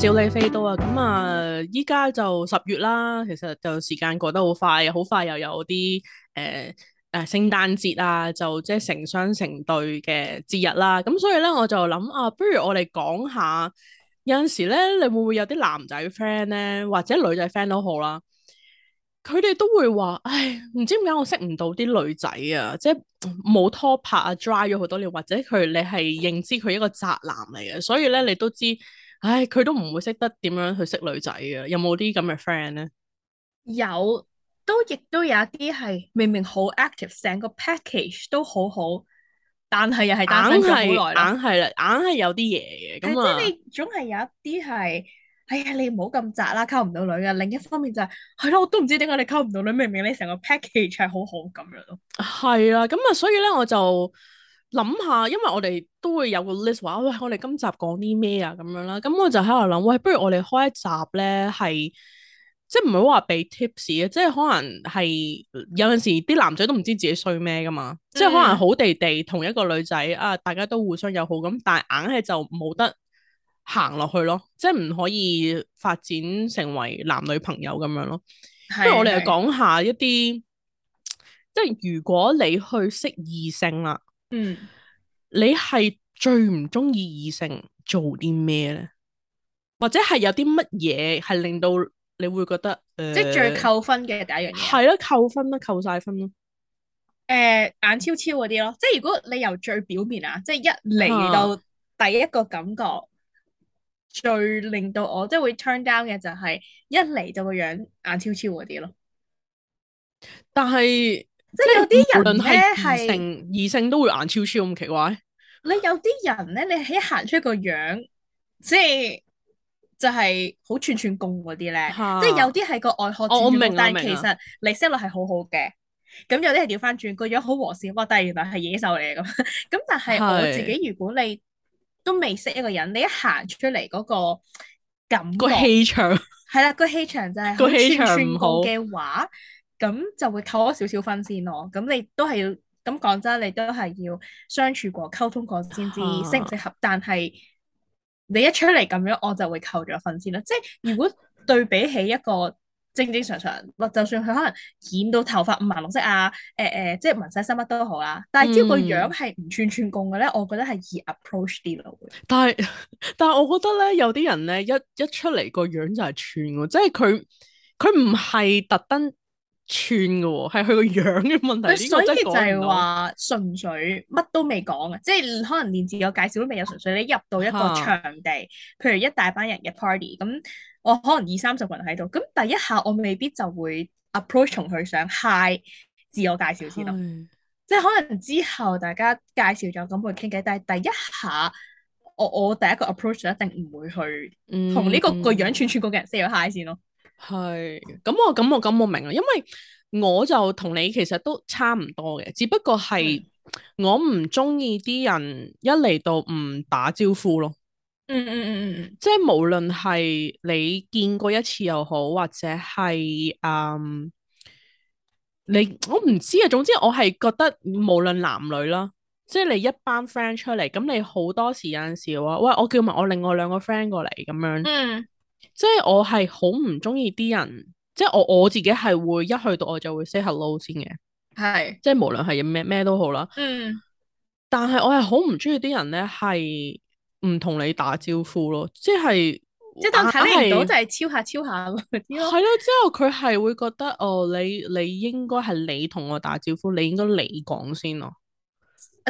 小李飛刀啊！咁、嗯、啊，依家就十月啦，其實就時間過得好快，好快又有啲誒誒聖誕節啊，就即係成雙成對嘅節日啦。咁、嗯、所以咧，我就諗啊，不如我哋講下有陣時咧，你會唔會有啲男仔 friend 咧，或者女仔 friend 都好啦，佢哋都會話：「唉，唔知點解我識唔到啲女仔啊，即係冇拖拍啊，dry 咗好多年，或者佢你係認知佢一個宅男嚟嘅，所以咧，你都知。唉，佢都唔會識得點樣去識女仔嘅，有冇啲咁嘅 friend 咧？有，都亦都有一啲係明明好 active，成個 package 都好好，但係又係硬係硬係啦，硬係有啲嘢嘅。咁啊的，即係就總係有一啲係，哎呀，你唔好咁宅啦，溝唔到女呀。另一方面就係、是，係咯，我都唔知點解你溝唔到女，明明你成個 package 係好好咁樣咯。係啦，咁啊，所以咧，我就。諗下，因為我哋都會有個 list 話，喂，我哋今集講啲咩啊咁樣啦。咁我就喺度諗，喂，不如我哋開一集咧，係即係唔係話俾 tips 嘅，即係可能係有陣時啲男仔都唔知自己衰咩噶嘛，即係可能好地地同一個女仔啊，大家都互相友好咁，但係硬係就冇得行落去咯，即係唔可以發展成為男女朋友咁樣咯。的不如我哋就講下一啲，即係如果你去識異性啦。嗯，你係最唔中意異性做啲咩咧？或者係有啲乜嘢係令到你會覺得，呃、即係最扣分嘅第一樣嘢係啦，扣分啦，扣晒分啦。誒、呃，眼超超嗰啲咯，即係如果你由最表面啊，即係一嚟到第一個感覺，啊、最令到我即係會 turn down 嘅就係、係、一嚟就個樣眼超超嗰啲咯。但係。即係有啲人咧係異性，都會眼超超咁奇怪。你有啲人咧，你喺行出個樣，即係就係好串串工嗰啲咧。啊、即係有啲係個外殼串串工，啊、但係其實你識落係好好嘅。咁有啲係調翻轉個樣好和善，哇！但係原來係野獸嚟嘅咁。咁 但係我自己，是如果你都未識一個人，你一行出嚟嗰個感覺氣場，係啦，個氣場就係串串工嘅話。咁就會扣咗少少分先咯。咁你都係要咁講真，你都係要相處過、溝通過先知適唔適合。但係你一出嚟咁樣，我就會扣咗分先啦。即係如果對比起一個正正常常，或就算佢可能染到頭髮五顏六色啊，誒、呃、誒，即、呃、係紋晒身乜都好啦。但係只要個樣係唔串串共嘅咧，嗯、我覺得係易 approach 啲咯。但係但係我覺得咧，有啲人咧，一一出嚟個樣就係串喎，即係佢佢唔係特登。串嘅喎，係佢個樣嘅問題。所以就係話純粹乜都未講啊，即係可能連自我介紹都未有。純粹你入到一個場地，哈譬如一大班人嘅 party，咁我可能二三十個人喺度，咁第一下我未必就會 approach 同佢上 high 自我介紹先咯。是即係可能之後大家介紹咗咁會傾偈，但係第一下我我第一個 approach 一定唔會去同呢個個樣串串嗰嘅人 say hi 先咯。嗯嗯係，咁我咁我咁我明啦，因為我就同你其實都差唔多嘅，只不過係我唔中意啲人一嚟到唔打招呼咯。嗯嗯嗯嗯，嗯嗯即係無論係你見過一次又好，或者係嗯你我唔知啊，總之我係覺得無論男女啦，即係你一班 friend 出嚟，咁你好多時有陣時話，喂，我叫埋我另外兩個 friend 過嚟咁樣。嗯即係我係好唔中意啲人，即係我我自己係會一去到我就會 say hello 先嘅，係是即係無論係咩咩都好啦。嗯，但係我係好唔中意啲人咧，係唔同你打招呼咯，即係即係到睇唔到就係超下超下嗰啲係咯，之後佢係會覺得哦，你你應該係你同我打招呼，你應該你講先咯。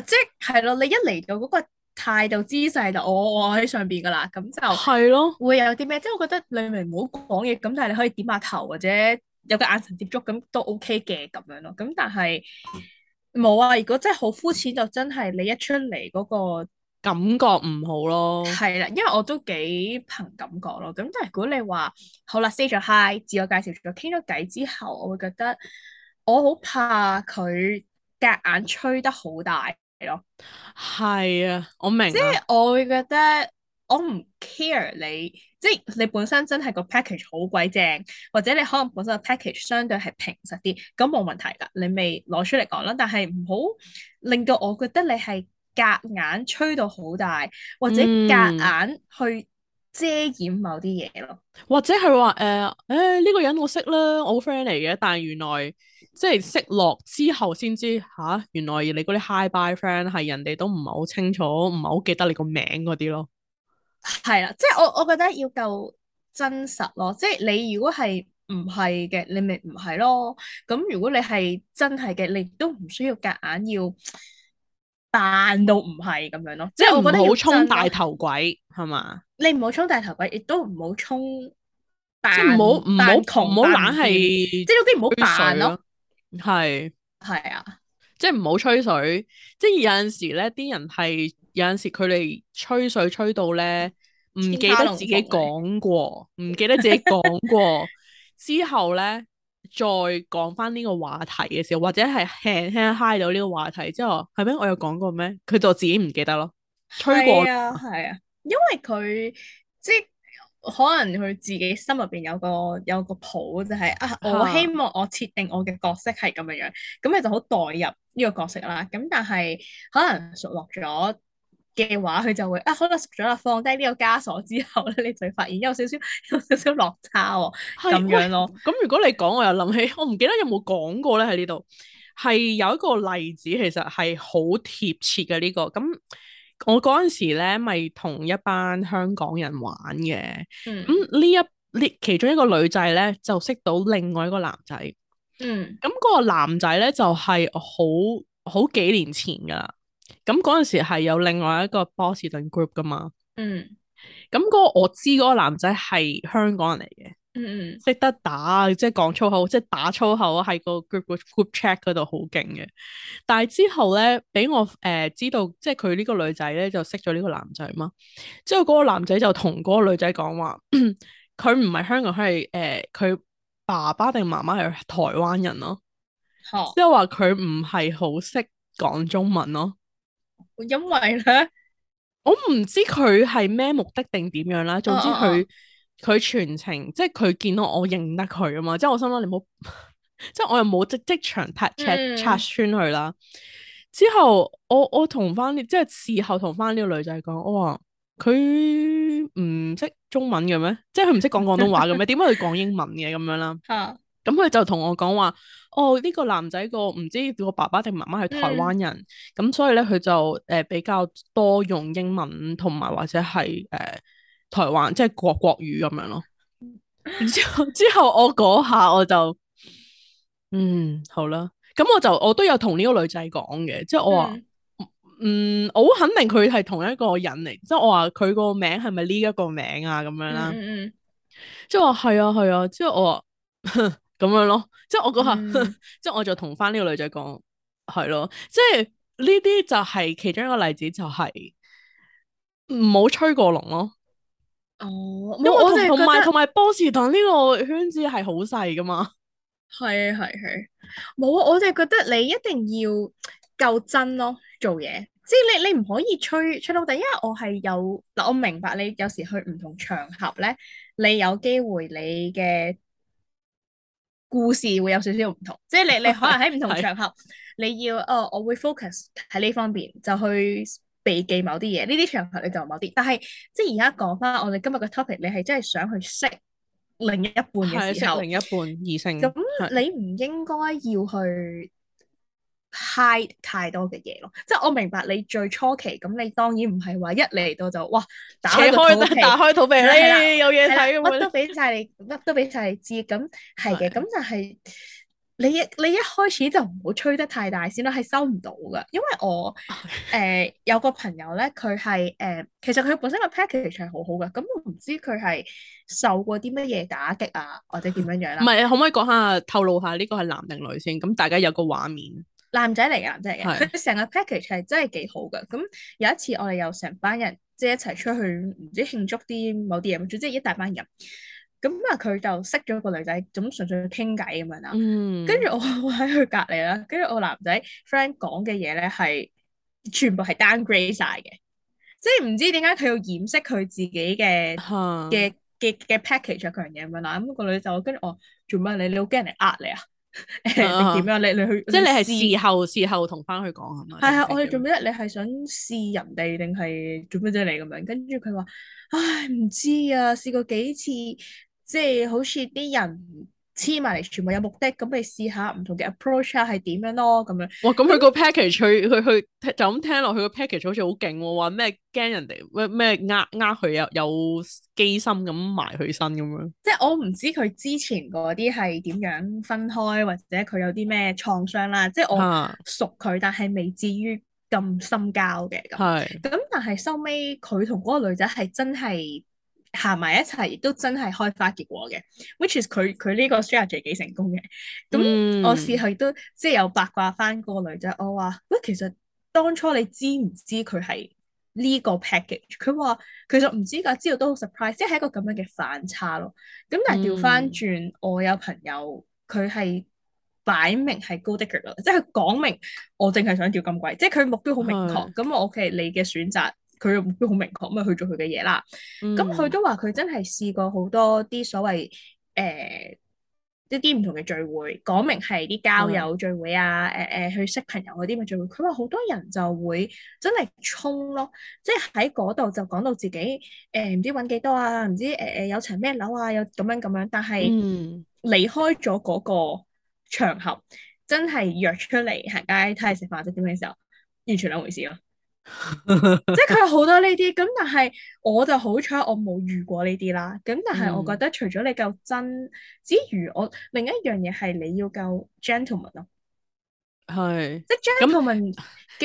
即係係咯，你一嚟到嗰個。態度姿勢，就我我喺上邊㗎喇，咁就係咯會有啲咩？的即係我覺得你明唔好講嘢，咁但係你可以點下頭或者有個眼神接觸，咁都 OK 嘅咁樣咯。咁但係冇啊！如果真係好膚淺，就真係你一出嚟嗰個感覺唔好咯。係啦，因為我都幾憑感覺咯。咁但係如果你話好啦，say 咗 hi，自我介紹咗，傾咗偈之後，我會覺得我好怕佢夾硬吹得好大。係咯，係啊，我明。即係我會覺得我唔 care 你，即係你本身真係個 package 好鬼正，或者你可能本身個 package 相對係平實啲，咁冇問題噶，你未攞出嚟講啦。但係唔好令到我覺得你係夾硬，硬吹到好大，或者夾硬，硬去、嗯。遮掩某啲嘢咯，或者係話誒，誒、呃、呢、欸這個人我識啦，我好 friend 嚟嘅，但係原來即係識落之後先知嚇、啊，原來你嗰啲 hi bye friend 係人哋都唔係好清楚，唔係好記得你個名嗰啲咯。係啦、啊，即係我我覺得要夠真實咯，即係你如果係唔係嘅，你咪唔係咯。咁如果你係真係嘅，你都唔需要夾硬要。扮到唔係咁樣咯，即係我覺得好充大頭鬼係嘛，你唔好充大頭鬼，亦都唔好充，即係唔好唔好窮，唔好懶係，即係嗰啲唔好扮咯，係係啊，啊即係唔好吹水，即係有陣時咧啲人係有陣時佢哋吹水吹到咧唔記得自己講過，唔記得自己講過之後咧，再講翻呢個話題嘅時候，或者係輕輕嗨到呢個話題之後，係咩？我有講過咩？佢就自己唔記得咯。吹過係啊，啊，因為佢即係可能佢自己心入邊有個有個譜，就係、係、啊，我希望我設定我嘅角色係咁樣樣，咁你、啊、就好代入呢個角色啦。咁但係可能熟落咗嘅話，佢就會啊，好啦，熟咗啦，放低呢個枷鎖之後咧，你就發現有少少有少少落差喎、哦，咁是樣咯。咁如果你講，我又諗起，我唔記得有冇講過咧喺呢度，係有一個例子，其實係好貼切嘅呢、這個。咁我嗰陣時咧，咪同一班香港人玩嘅。咁呢、嗯、一呢其中一個女仔咧，就識到另外一個男仔。嗯。咁嗰個男仔咧，就係好好幾年前噶啦，咁嗰陣時係有另外一個波士頓 group 噶嘛，嗯，咁個我知嗰個男仔係香港人嚟嘅，嗯，識得打，即係講粗口，即係打粗口喺個 group group chat 嗰度好勁嘅。但係之後咧，俾我誒、呃、知道，即係佢呢個女仔咧就識咗呢個男仔嘛。之後嗰個男仔就同嗰個女仔講話，佢唔係香港，佢係誒佢爸爸定媽媽係台灣人咯，即係話佢唔係好識講中文咯。因為咧，我唔知佢係咩目的定點樣啦。總之佢佢、oh, oh, oh. 全程即係佢見到我認得佢啊嘛，即係我心諗你好，即係我又冇即即場 t o 拆穿佢啦。嗯、之後我我同翻即係事後同翻呢個女仔講，我話佢唔識中文嘅咩？即係佢唔識講廣東話嘅咩？點解佢講英文嘅咁樣啦？吓。 咁佢就同我講話，哦呢、這個男仔個唔知我爸爸定媽媽係台灣人，咁、嗯、所以咧佢就誒、呃、比較多用英文，同埋或者係誒、呃、台灣即係國國語咁樣咯。然 之後之後我嗰下我就，嗯好啦，咁我就我都有同呢個女仔講嘅，即、就、係、是、我話，嗯，嗯我好肯定佢係同一個人嚟，即、就、係、是、我話佢個名係咪呢一個名啊，咁樣啦，即係話係啊係啊，即係、嗯嗯啊啊啊、我話。 咁樣咯，即係我講下，嗯、 即係我就同翻呢個女仔講，係咯，即係呢啲就係其中一個例子，就係唔好吹過龍咯。哦，因為我同埋同埋波士頓呢個圈子係好細噶嘛。係係係，冇啊！我就覺得你一定要夠真咯，做嘢，即係你你唔可以吹吹到底，因為我係有嗱，我明白你有時去唔同場合咧，你有機會你嘅。故事會有少少唔同，即係你你可能喺唔同場合， 是你要哦，我會 focus 喺呢方面，就去避忌某啲嘢。呢啲場合你就某啲，但係即係而家講翻我哋今日嘅 topic，你係真係想去識另一半嘅時候，另一半異性，咁你唔應該要去 hide 太多嘅嘢咯，即、就、係、是、我明白你最初期咁，你當然唔係話一嚟到就哇，扯開打開肚皮，你嘿有嘢睇，啊，乜都俾晒你，乜都俾晒你，你知，咁係嘅，咁就係你一你一開始就唔好吹得太大先啦，係收唔到噶，因為我誒、 呃、有個朋友咧，佢係誒其實佢本身個 package 其實係好好噶，咁、嗯、我唔知佢係受過啲乜嘢打擊啊，或者點樣樣啦。唔係可唔可以講下透露下呢個係男定女性？咁大家有個畫面。im ps 男仔嚟嘅，男仔嚟嘅，成是個 package 係真係幾好嘅。咁有一次我哋又成班人即係一齊出去，唔知慶祝啲某啲嘢，總之一大班人。咁啊，佢就識咗個女仔，咁純粹傾偈咁樣啦。跟住、嗯、我喺佢隔離啦，跟住我男仔 friend 講嘅嘢咧係全部係 downgrade 曬嘅，即係唔知點解佢要掩飾佢自己嘅嘅嘅嘅 package 嗰樣嘢咁樣啦。咁、嗯，那個女仔就跟住我，做乜你你好驚人哋呃你啊？誒，點啊、 哎？你樣你，你去，即係你係事後事後同翻去講係咪？係啊、嗯，我哋做咩啫？你係想試人哋定係做咩啫？你咁樣，跟住佢話，唉，唔知啊，試過幾次，即係好似啲人。黐埋嚟全部有目的，咁你試下唔同嘅 approach 下係點樣咯？咁樣。哇！咁佢個 package，佢佢佢就咁聽落去個 package 好似好勁喎，話咩驚人哋咩咩呃呃佢有有機心咁埋佢身咁樣。即係我唔知佢之前嗰啲係點樣分開，或者佢有啲咩創傷啦。即係我熟佢，啊。但係未至於咁深交嘅。係。咁但係收尾佢同嗰個女仔係真係。行埋一齊，亦都真係開花結果嘅、嗯、，which is 佢佢呢個 strategy 幾成功嘅。咁我事後亦都即係有八卦翻嗰個女仔，我話喂，其實當初你知唔知佢係呢個 package？佢話其實唔知噶，知道都好 surprise，即係一個咁樣嘅反差咯。咁但係調翻轉，嗯、我有朋友佢係擺明係 gold digger 嘅，即係佢講明我淨係想掉咁貴，即係佢目標好明確。咁是我 OK，你嘅選擇。佢目標好明確，咪、就是、去做佢嘅嘢啦。咁佢都話佢真係試過好多啲所謂誒一啲唔同嘅聚會，講明係啲交友聚會啊，誒、呃、誒、呃、去識朋友嗰啲咪聚會。佢話好多人就會真係衝咯，即係喺嗰度就講到自己誒唔、呃、知揾幾多啊，唔知誒誒、呃呃、有層咩樓啊，有咁樣咁樣。但係離開咗嗰個場合，真係約出嚟行街睇下食飯或者點嘅時候，完全兩回事咯。即係佢好多呢啲，咁但係我就好彩，我冇遇過呢啲啦。咁但係我覺得除，除咗你夠真之餘，我另一樣嘢係你要夠 gentle 是 gentleman 咯那。係定，即係 gentleman 呢呢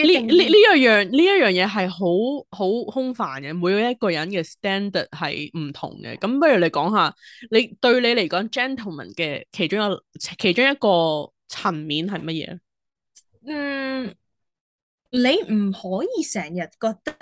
一樣呢一樣嘢係好好空泛嘅，每一一個人嘅 standard 係唔同嘅。咁不如你講下，你對你嚟講 gentleman 嘅其,其中一個其中一個層面係乜嘢？嗯。你唔可以成日覺得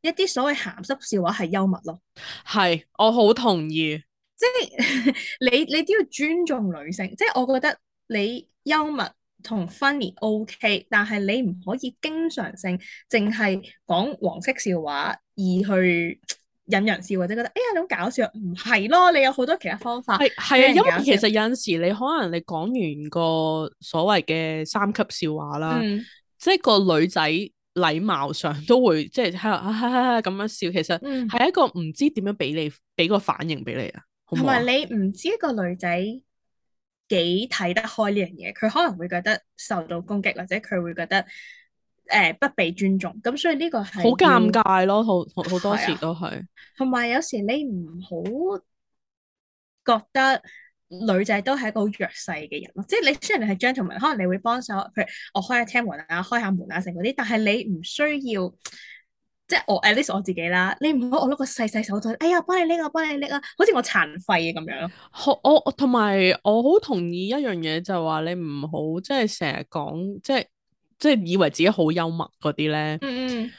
一啲所謂鹹濕笑話係幽默咯。係，我好同意。即係 你，你都要尊重女性。即係我覺得你幽默同 funny okay，但係你唔可以經常性淨係講黃色笑話而去引人笑，或者覺得哎呀好搞笑。唔係咯，你有好多其他方法係係啊，因為其實有陣時你可能你講完個所謂嘅三級笑話啦。嗯。即係個女仔禮貌上都會即係喺度「哈、啊、哈」啊、啊、咁樣笑，其實係一個唔知點樣俾你俾個反應俾你啊。同埋你唔知一個女仔幾睇得開呢樣嘢，佢可能會覺得受到攻擊，或者佢會覺得誒、呃、不被尊重，咁所以呢個係好尷尬囉，好好好多時都係同埋有時你唔好覺得。女仔都係一個弱勢嘅人咯，即係你雖然你係 gentleman，可能你會幫手，譬如我開下車門啊、開下門啊，成嗰啲，但係你唔需要即係我 at least 我自己啦。你唔好我攞個細細手袋，哎呀，幫你拎啊，幫你拎啊，好似我殘廢咁樣我。我我我同埋我好同意一樣嘢，就話、係、你唔好即係成日講，即係即係以為自己好幽默嗰啲咧。嗯，嗯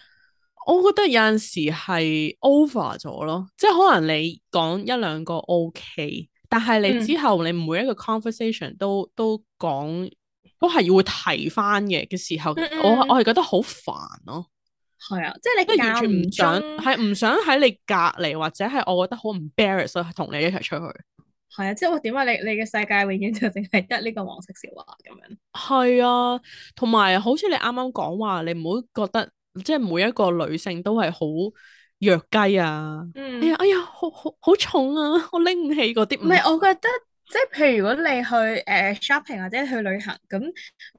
我覺得有陣時係 over 咗咯，即係可能你講一兩個 OK。但係你之後你每一個 conversation 都、嗯、都講都係要會提翻嘅嘅時候，嗯嗯我我係覺得好煩咯。係啊，即係你完全唔想，係唔、嗯、想喺你隔籬或者係我覺得好唔 embarrassing 咯，同你一齊出去。係啊，即係我點解你你嘅世界永遠就淨係得呢個黃色笑話咁樣。係啊，同埋好似你啱啱講話，你唔好覺得即係每一個女性都係好。藥雞啊，嗯、哎呀，哎呀，好好好重啊，我拎唔起嗰啲。唔係，我覺得即係，譬如如果你去誒 shopping、呃、或者去旅行，咁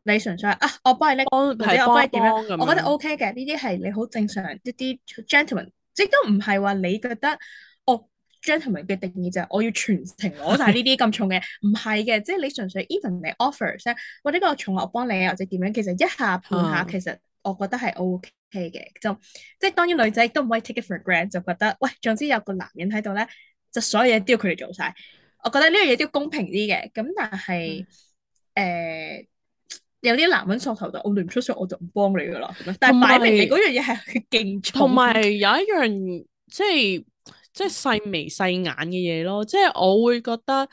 你純粹啊，我幫你拎，或者我幫你點樣，幫幫樣我覺得 O K 嘅。呢啲係你好正常一啲 gentleman，即都唔係話你覺得我 gentleman 嘅定義就係我要全程攞晒呢啲咁重嘅，唔係嘅，即係你純粹 even 你 offer 或者我從來我幫你或者點樣，其實一下半下、嗯、其實我覺得係 O K。o 嘅，就即係、就是、當然女仔都唔可以 take it for granted，就覺得喂，總之有個男人喺度咧，就所有嘢都要佢哋做晒。我覺得呢樣嘢都要公平啲嘅。咁但係誒、嗯呃，有啲男人索頭就我你唔出聲，我，我就唔幫你噶啦。但係擺明你嗰樣嘢係佢勁。同埋有，有一樣即係即係細眉細眼嘅嘢咯，即係我會覺得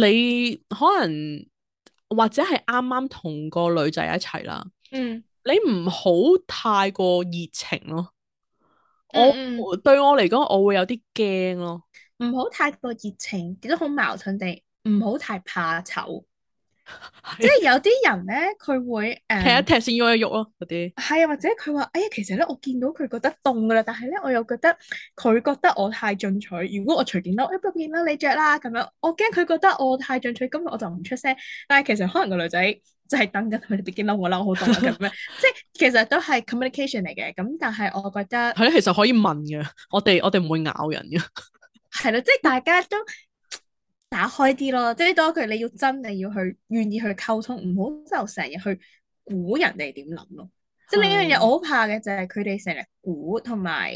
你可能或者係啱啱同個女仔一齊啦。嗯。你唔好太過熱情咯，我對我嚟講，我會有啲驚咯。唔好太過熱情，亦都好矛盾地，唔好不太怕醜。 即係有啲人咧，佢會誒、嗯、踢一踢先喐一喐咯，嗰啲。係啊，或者佢話：哎呀，其實咧，我見到佢覺得凍噶啦，但係咧，我又覺得佢覺得我太進取。如果我隨便擸，哎不見，不如變你着啦咁樣。我驚佢覺得我太進取，咁我就唔出聲。但係其實可能個女仔。即係等緊佢哋已經啦。我嬲好多咁樣， 即係其實都係 communication 嚟嘅。咁但係我覺得係咧， 其實可以問嘅。我哋我哋唔會咬人嘅。係 咯，即係大家都打開啲咯。即呢多一句，你要真係要去願意去溝通，唔好就成日去估人哋點諗咯。 即係呢樣嘢，我好怕嘅就係佢哋成日估，同埋。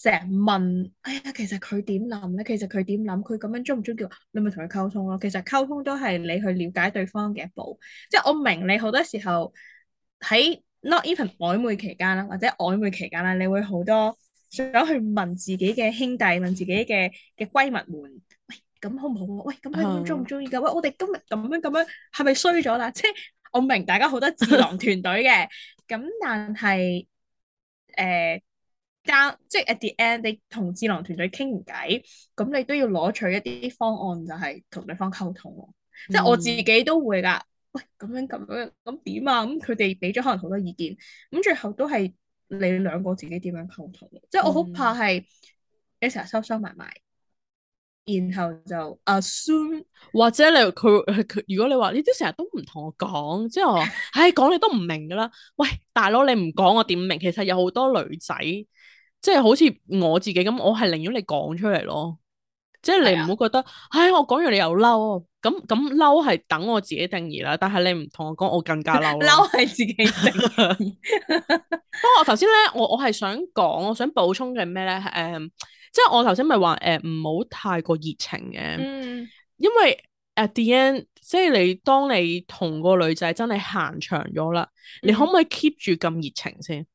成日問，哎呀，其實佢點諗咧？其實佢點諗？佢咁樣中唔中意？你咪同佢溝通咯。其實溝通都係你去了解對方嘅一步。即係我明你好多時候喺 not even 曖昧期間啦，或者曖昧期間啦，你會好多想去問自己嘅兄弟，問自己嘅嘅閨蜜們。喂，咁好唔好？喂，咁樣佢中唔中意㗎？喂，嗯、喂，我哋今日咁樣咁樣係咪衰咗啦？即係我明大家好多智囊團隊嘅，咁 但係誒。呃即係 at the end，你同智囊團隊傾完偈，咁你都要攞取，取一啲方案，就係同對方溝通、嗯、即係我自己都會㗎。喂，咁樣咁樣咁點啊？咁佢哋俾咗可能好多意見，咁最後都係你兩個自己點樣溝通。嗯、即係我好怕係，成日收收埋埋，然後就 assume 或者你佢佢如果你話呢啲成日都唔同我講，即係我唉講你都唔、 哎、明㗎啦。喂，大佬，你唔講我點明？其實有好多女仔。即係好似我自己咁，我係寧願你講出嚟咯，即係你唔好覺得，唉的、哎，我講完你又嬲，咁咁嬲係等我自己定義啦。但係你唔同我講，我更加嬲。嬲係 自己定義。不 過我頭先咧，我我係想講，我想補充嘅咩咧？誒、uh, uh, 嗯，即係我頭先咪話，誒，唔好太過熱情嘅，因為 a d t h n 即係你當你同個女仔真係行長咗啦，你可唔可以 keep 住咁熱情先？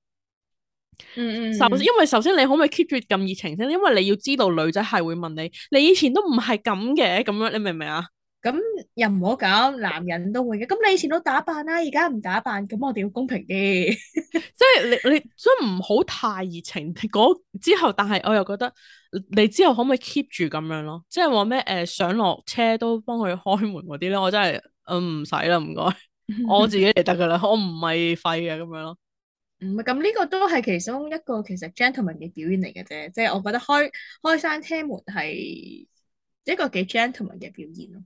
嗯，嗯，首先，因為首先你可唔可以 keep 住咁熱情先？因為你要知道女仔係會問你，你以前都唔係咁嘅，咁樣你明唔明啊？咁又唔好講，男人都會嘅。咁你以前都打扮啦，而家唔打扮，咁我哋要公平啲。 即係你，你所以唔好太熱情。嗰之後，但係我又覺得你之後可唔可以 keep 住咁樣咯？即係話咩？誒、呃，上落車都幫佢開門嗰啲咧，我真係，嗯、呃，唔使啦，唔該， 我自己嚟得噶啦，我唔係廢嘅咁樣咯。唔咪咁呢個都係其中一個其實 gentleman 嘅表演嚟嘅啫，即係我覺得開開山車門係一個幾 gentleman 嘅表演咯，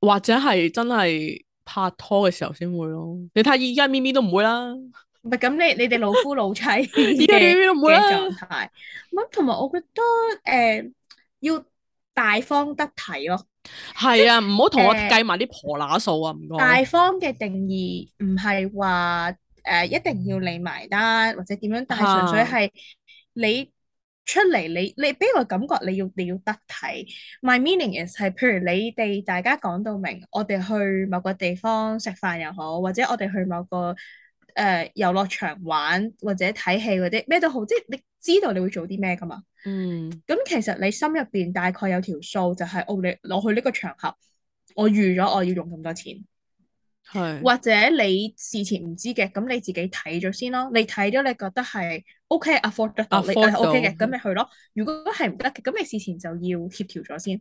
或者係真係拍拖嘅時候先會咯。你睇下依家咪咪都唔會啦，唔咪咁你你哋老夫老妻依家 咪咪都唔會啦。咁同埋我覺得誒、呃、要大方得體咯，係啊，唔好同我計埋啲婆乸數啊，唔該。大方嘅定義唔係話。誒、呃、一定要你埋單或者點樣帶，但係、啊、純粹係你出嚟，你你俾個感覺你，你要你要得體 My meaning 嘅係，譬如你哋大家講到明，我哋去某個地方食飯又好，或者我哋去某個誒、呃、遊樂場玩或者睇戲嗰啲咩都好，即係你知道你會做啲咩噶嘛。嗯。咁其實你心入邊大概有條數，就係，就、哦、係我你攞去呢個場合，我預咗我要用咁多錢。或者你事前唔知嘅，咁你自己睇咗先咯。你睇咗你覺得係 OK，affordable，你係 OK 嘅，咁你去咯。如果係唔得嘅，咁你事前就要協調咗先。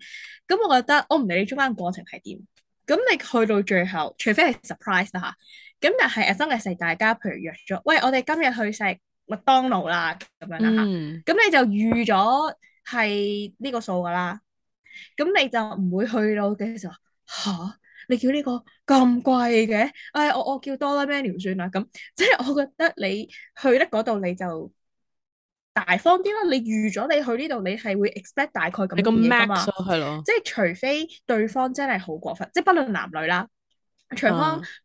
咁我覺得我唔理你中間過程係點，咁你去到最後，除非係 surprise 啦吓。咁又係，真係食大家，譬如約咗，喂，我哋今日去食麥當勞啦，咁樣啦吓。咁你就預咗係呢個數噶啦，咁你就唔會去到嘅時候吓。你叫呢、這個咁貴嘅？誒、哎、我我叫多啦 A 夢算啦咁，即係我覺得你去得嗰度你就大方啲啦。你預咗你去呢度，你係會 expect 大概咁嘅嘢㗎嘛？Max，即係除非對方真係好過分，即係不論男女啦，除非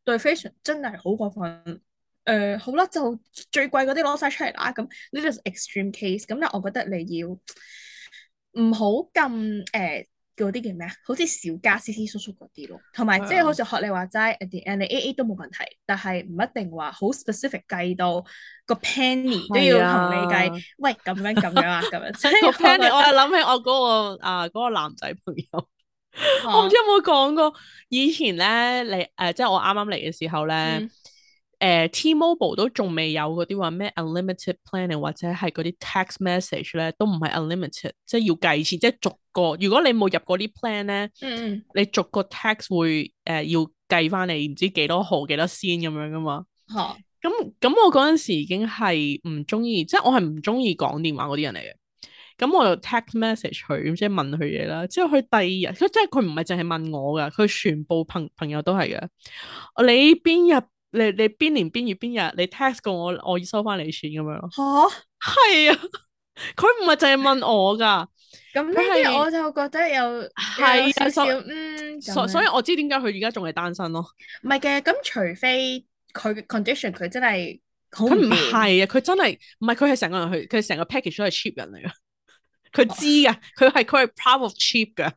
對方、啊、真係好過分。誒、呃、好啦，就最貴嗰啲攞晒出嚟啦。咁呢啲 extreme case，咁咧我覺得你要唔好咁誒。Uh, 叫啲叫咩啊？好似小家私私叔叔嗰啲咯，同埋即係好似學你話齋，and and A A 都冇問題，但係唔一定話好 specific 計到個 penny 是、啊、都要同你計。喂，咁樣咁樣啊，咁樣。個 penny 我係諗起我嗰、個啊嗰、個、男仔朋友， 我唔知有冇講過。以前咧，你誒、呃、即係我啱啱嚟嘅時候咧。嗯誒、uh, T-Mobile 都仲未有嗰啲話咩 unlimited planning 或者係嗰啲 text message 咧，都唔係 unlimited，即係要計錢，即係逐個。如果你冇入嗰啲 plan 咧、mm，hmm. 你逐個 text 會誒、呃、要計翻你唔知幾多毫幾多仙咁樣噶嘛。嚇 Huh.！咁咁我嗰陣時已經係唔中意，即係我係唔中意講電話嗰啲人嚟嘅。咁我又 text message 佢，即係問佢嘢啦。之後佢第二日，即係佢唔係淨係問我噶，佢全部朋朋友都係嘅。你邊入？你你邊年邊月邊日你 test 過我，我要收翻你錢咁樣。吓，係啊，佢唔係淨係問我噶。咁即係我就覺得又有，是、啊、有少少嗯。所所以，嗯、所以所以我知點解佢而家仲係單身咯。唔係嘅，咁除非佢 condition 佢真係好唔。唔係啊，佢真係唔係佢係成個，個人去，佢成個 package 都係 cheap 人嚟噶。佢知噶，佢係佢係 power of cheap 噶。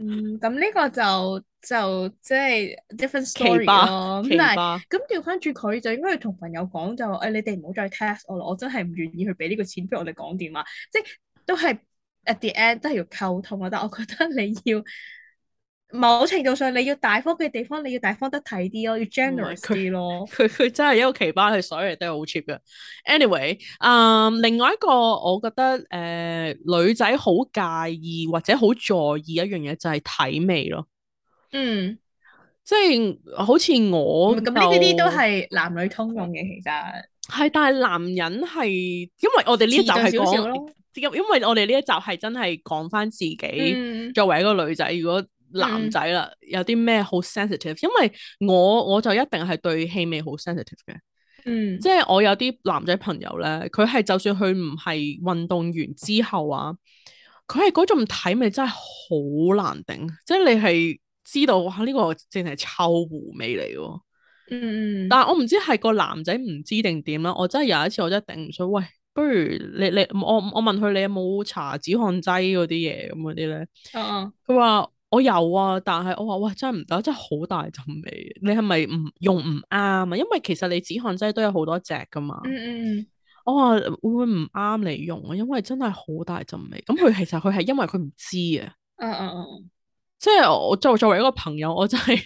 嗯，咁呢個就就即係 different story 咯。咁但係咁調翻轉，佢就應該要同朋友講就，誒、哎、你哋唔好再 test 我啦，我真係唔願意去俾呢個錢俾我哋講電話，即係都係 at the end 都係要溝通啊。但係我覺得你要。某程度上，你要大方嘅地方，你要大方得睇啲咯，要 generous 啲咯。佢佢、嗯、真係一個奇葩，佢所有嘢都係好 cheap 嘅。Anyway，嗯，另外一個我覺得，誒、呃，女仔好介意或者好在意一樣嘢就係體味咯。嗯，即係好似我咁呢？啲、嗯、都係男女通用嘅，其實係，但係男人係，因為我哋呢一集係講，因為因為我哋呢一集係真係講翻自己、嗯、作為一個女仔，如果男仔啦，嗯、有啲咩好 sensitive？因為我我就一定係對氣味好 sensitive 嘅，嗯，即係我有啲男仔朋友咧，佢係就算佢唔係運動完之後啊，佢係嗰種體味真係好難頂，即係你係知道哇，呢、呢個淨係臭狐味嚟喎，嗯，但係我唔知係個男仔唔知定點啦。我真係有一次我真係頂唔順，喂，不如你你，你我我問佢你有冇搽止汗劑嗰啲嘢咁嗰啲咧，佢話、哦哦。我有啊，但係我話哇真係唔得，真係好大陣味。你係咪唔用唔啱啊？因為其實你止汗劑都有好多隻噶嘛。嗯嗯。我話會唔會唔啱你用啊？因為真係好大陣味。咁佢其實佢係因為佢唔知啊。嗯嗯嗯。即係我做作為一個朋友，我真係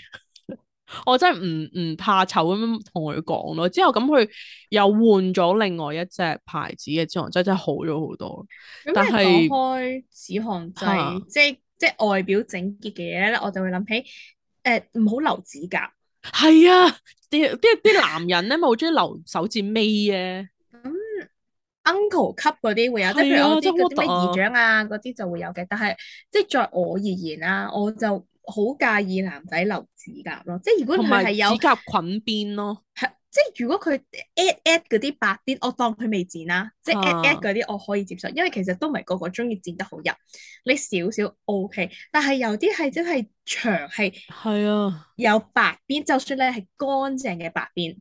我真係唔唔怕醜咁樣同佢講咯。之後咁佢又換咗另外一隻牌子嘅止汗劑，真係好咗好多。咁你講開止汗劑，是啊、即係。即係外表整潔嘅嘢咧，我就會諗起誒，唔好留指甲。係啊，啲啲男人咧，咪好中意留手指尾嘅？咁 uncle 級嗰啲會有，即係譬如我啲嗰啲姨丈啊嗰啲就會有嘅。但係即係在我而言啦，我就好介意男仔留指甲咯。即係如果佢係有，有指甲滾邊咯。即係如果佢 at at 嗰啲白邊，我當佢未剪啦、啊。即係 at at 嗰啲，我可以接受，因為其實都唔係個個中意剪得好入，你少少 O K。但係有啲係真係長，係係啊，有白邊，啊、就算你係乾淨嘅白邊，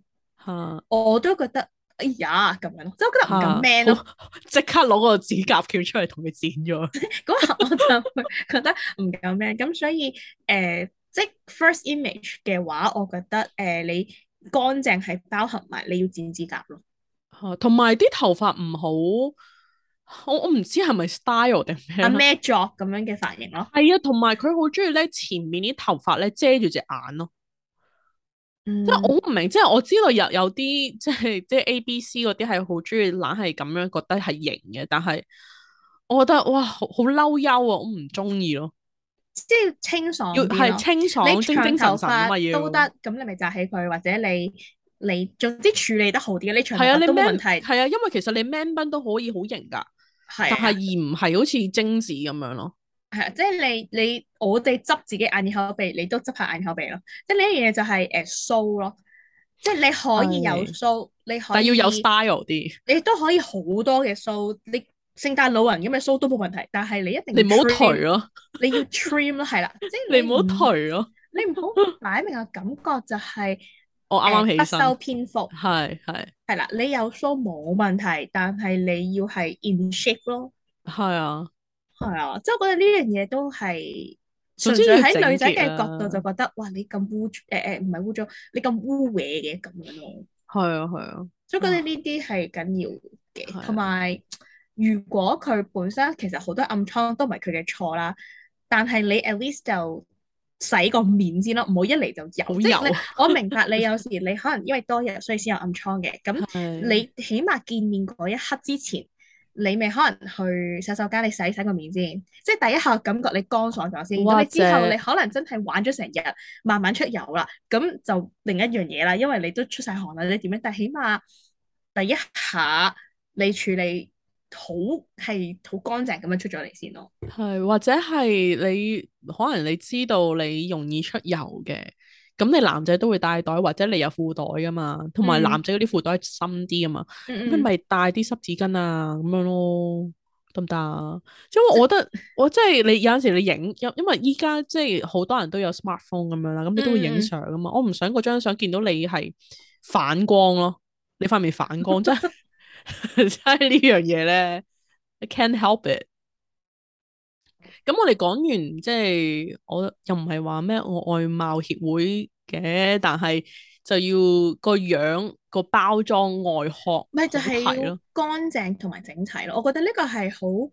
嚇、啊、我都覺得哎呀咁樣，真我覺得唔夠 man 咯、啊，即、啊、刻攞個指甲鉗出嚟同佢剪咗。嗰下 我就覺得唔夠 man，咁 所以誒、呃，即 first image 嘅話，我覺得誒、呃、你，你乾淨係包含埋你要剪指甲咯，同埋啲頭髮唔好，我我唔知係咪 style 定咩咩 job 咁樣嘅髮型咯，係啊，同埋佢好中意咧前面啲頭髮咧遮住隻眼咯，嗯，即係我唔明，即係我知道有有啲即係即係 A B C 嗰啲係好中意懶係咁樣覺得係型嘅，但係我覺得哇好好嬲憂啊，我唔中意咯。即係清爽清啲咯，清爽，長頭髮都得，咁你咪就起佢，或者你你總之處理得好啲，呢你長啊，你都冇問題。係啊，因為其實你 man 都可以、啊、好型噶，但係而唔係好似精子咁樣咯。係啊，即係你你我哋執自己眼耳口鼻，你都執下眼口鼻咯。即係呢一樣嘢就係、是、誒、梳、呃、咯，即係、呃、你可以有梳，但是 你可但係要有 style 啲。你都可以好多嘅梳，你。聖誕老人咁嘅梳都冇問題，但係你一定你唔好頹咯，你要 trim 咯，係啦，即係你唔好頹咯，你唔好擺明個感覺就係我啱啱起不修邊幅，係係係啦，你有梳冇問題，但係你要係 in shape 咯，係啊係啊，即係我覺得呢樣嘢都係純粹喺女仔嘅角度就覺得哇你咁污，誒誒，唔係污糟，你咁污嘅咁樣咯，係啊係啊，所以覺得呢啲係緊要嘅，同埋。如果佢本身其實好多暗瘡都唔係佢嘅錯啦，但係你 at least 就洗個面先咯，唔好一嚟就有油，油。 我明白你有時你可能因為多油所以先有暗瘡嘅，咁你起碼見面嗰一刻之前，你咪可能去洗手間，你洗洗個面先，即係第一下感覺你乾爽咗先。咁你哇之後你可能真係玩咗成日，慢慢出油啦，咁就另一樣嘢啦，因為你都出晒汗或你點樣，但係起碼第一下你處理。好係好乾淨咁樣出咗嚟先咯，係或者係你可能你知道你容易出油嘅，咁你男仔都會帶袋或者你有褲袋噶嘛，同埋男仔嗰啲褲袋深啲啊嘛，咁咪帶啲濕紙巾啊咁樣咯，得唔得？因為我覺得 我即係你有陣時你影，因因為依家即係好多人都有 smartphone 咁樣啦，咁你都會影相啊嘛，嗯嗯我唔想嗰張相見到你係反光咯，你塊面反光即係。 即係 呢樣嘢咧，I can't help it。咁我哋講完，即係我又唔係話咩外貌協會嘅，但係就要個樣個包裝外殼，唔係就係要乾淨同埋整體咯。我覺得呢個係好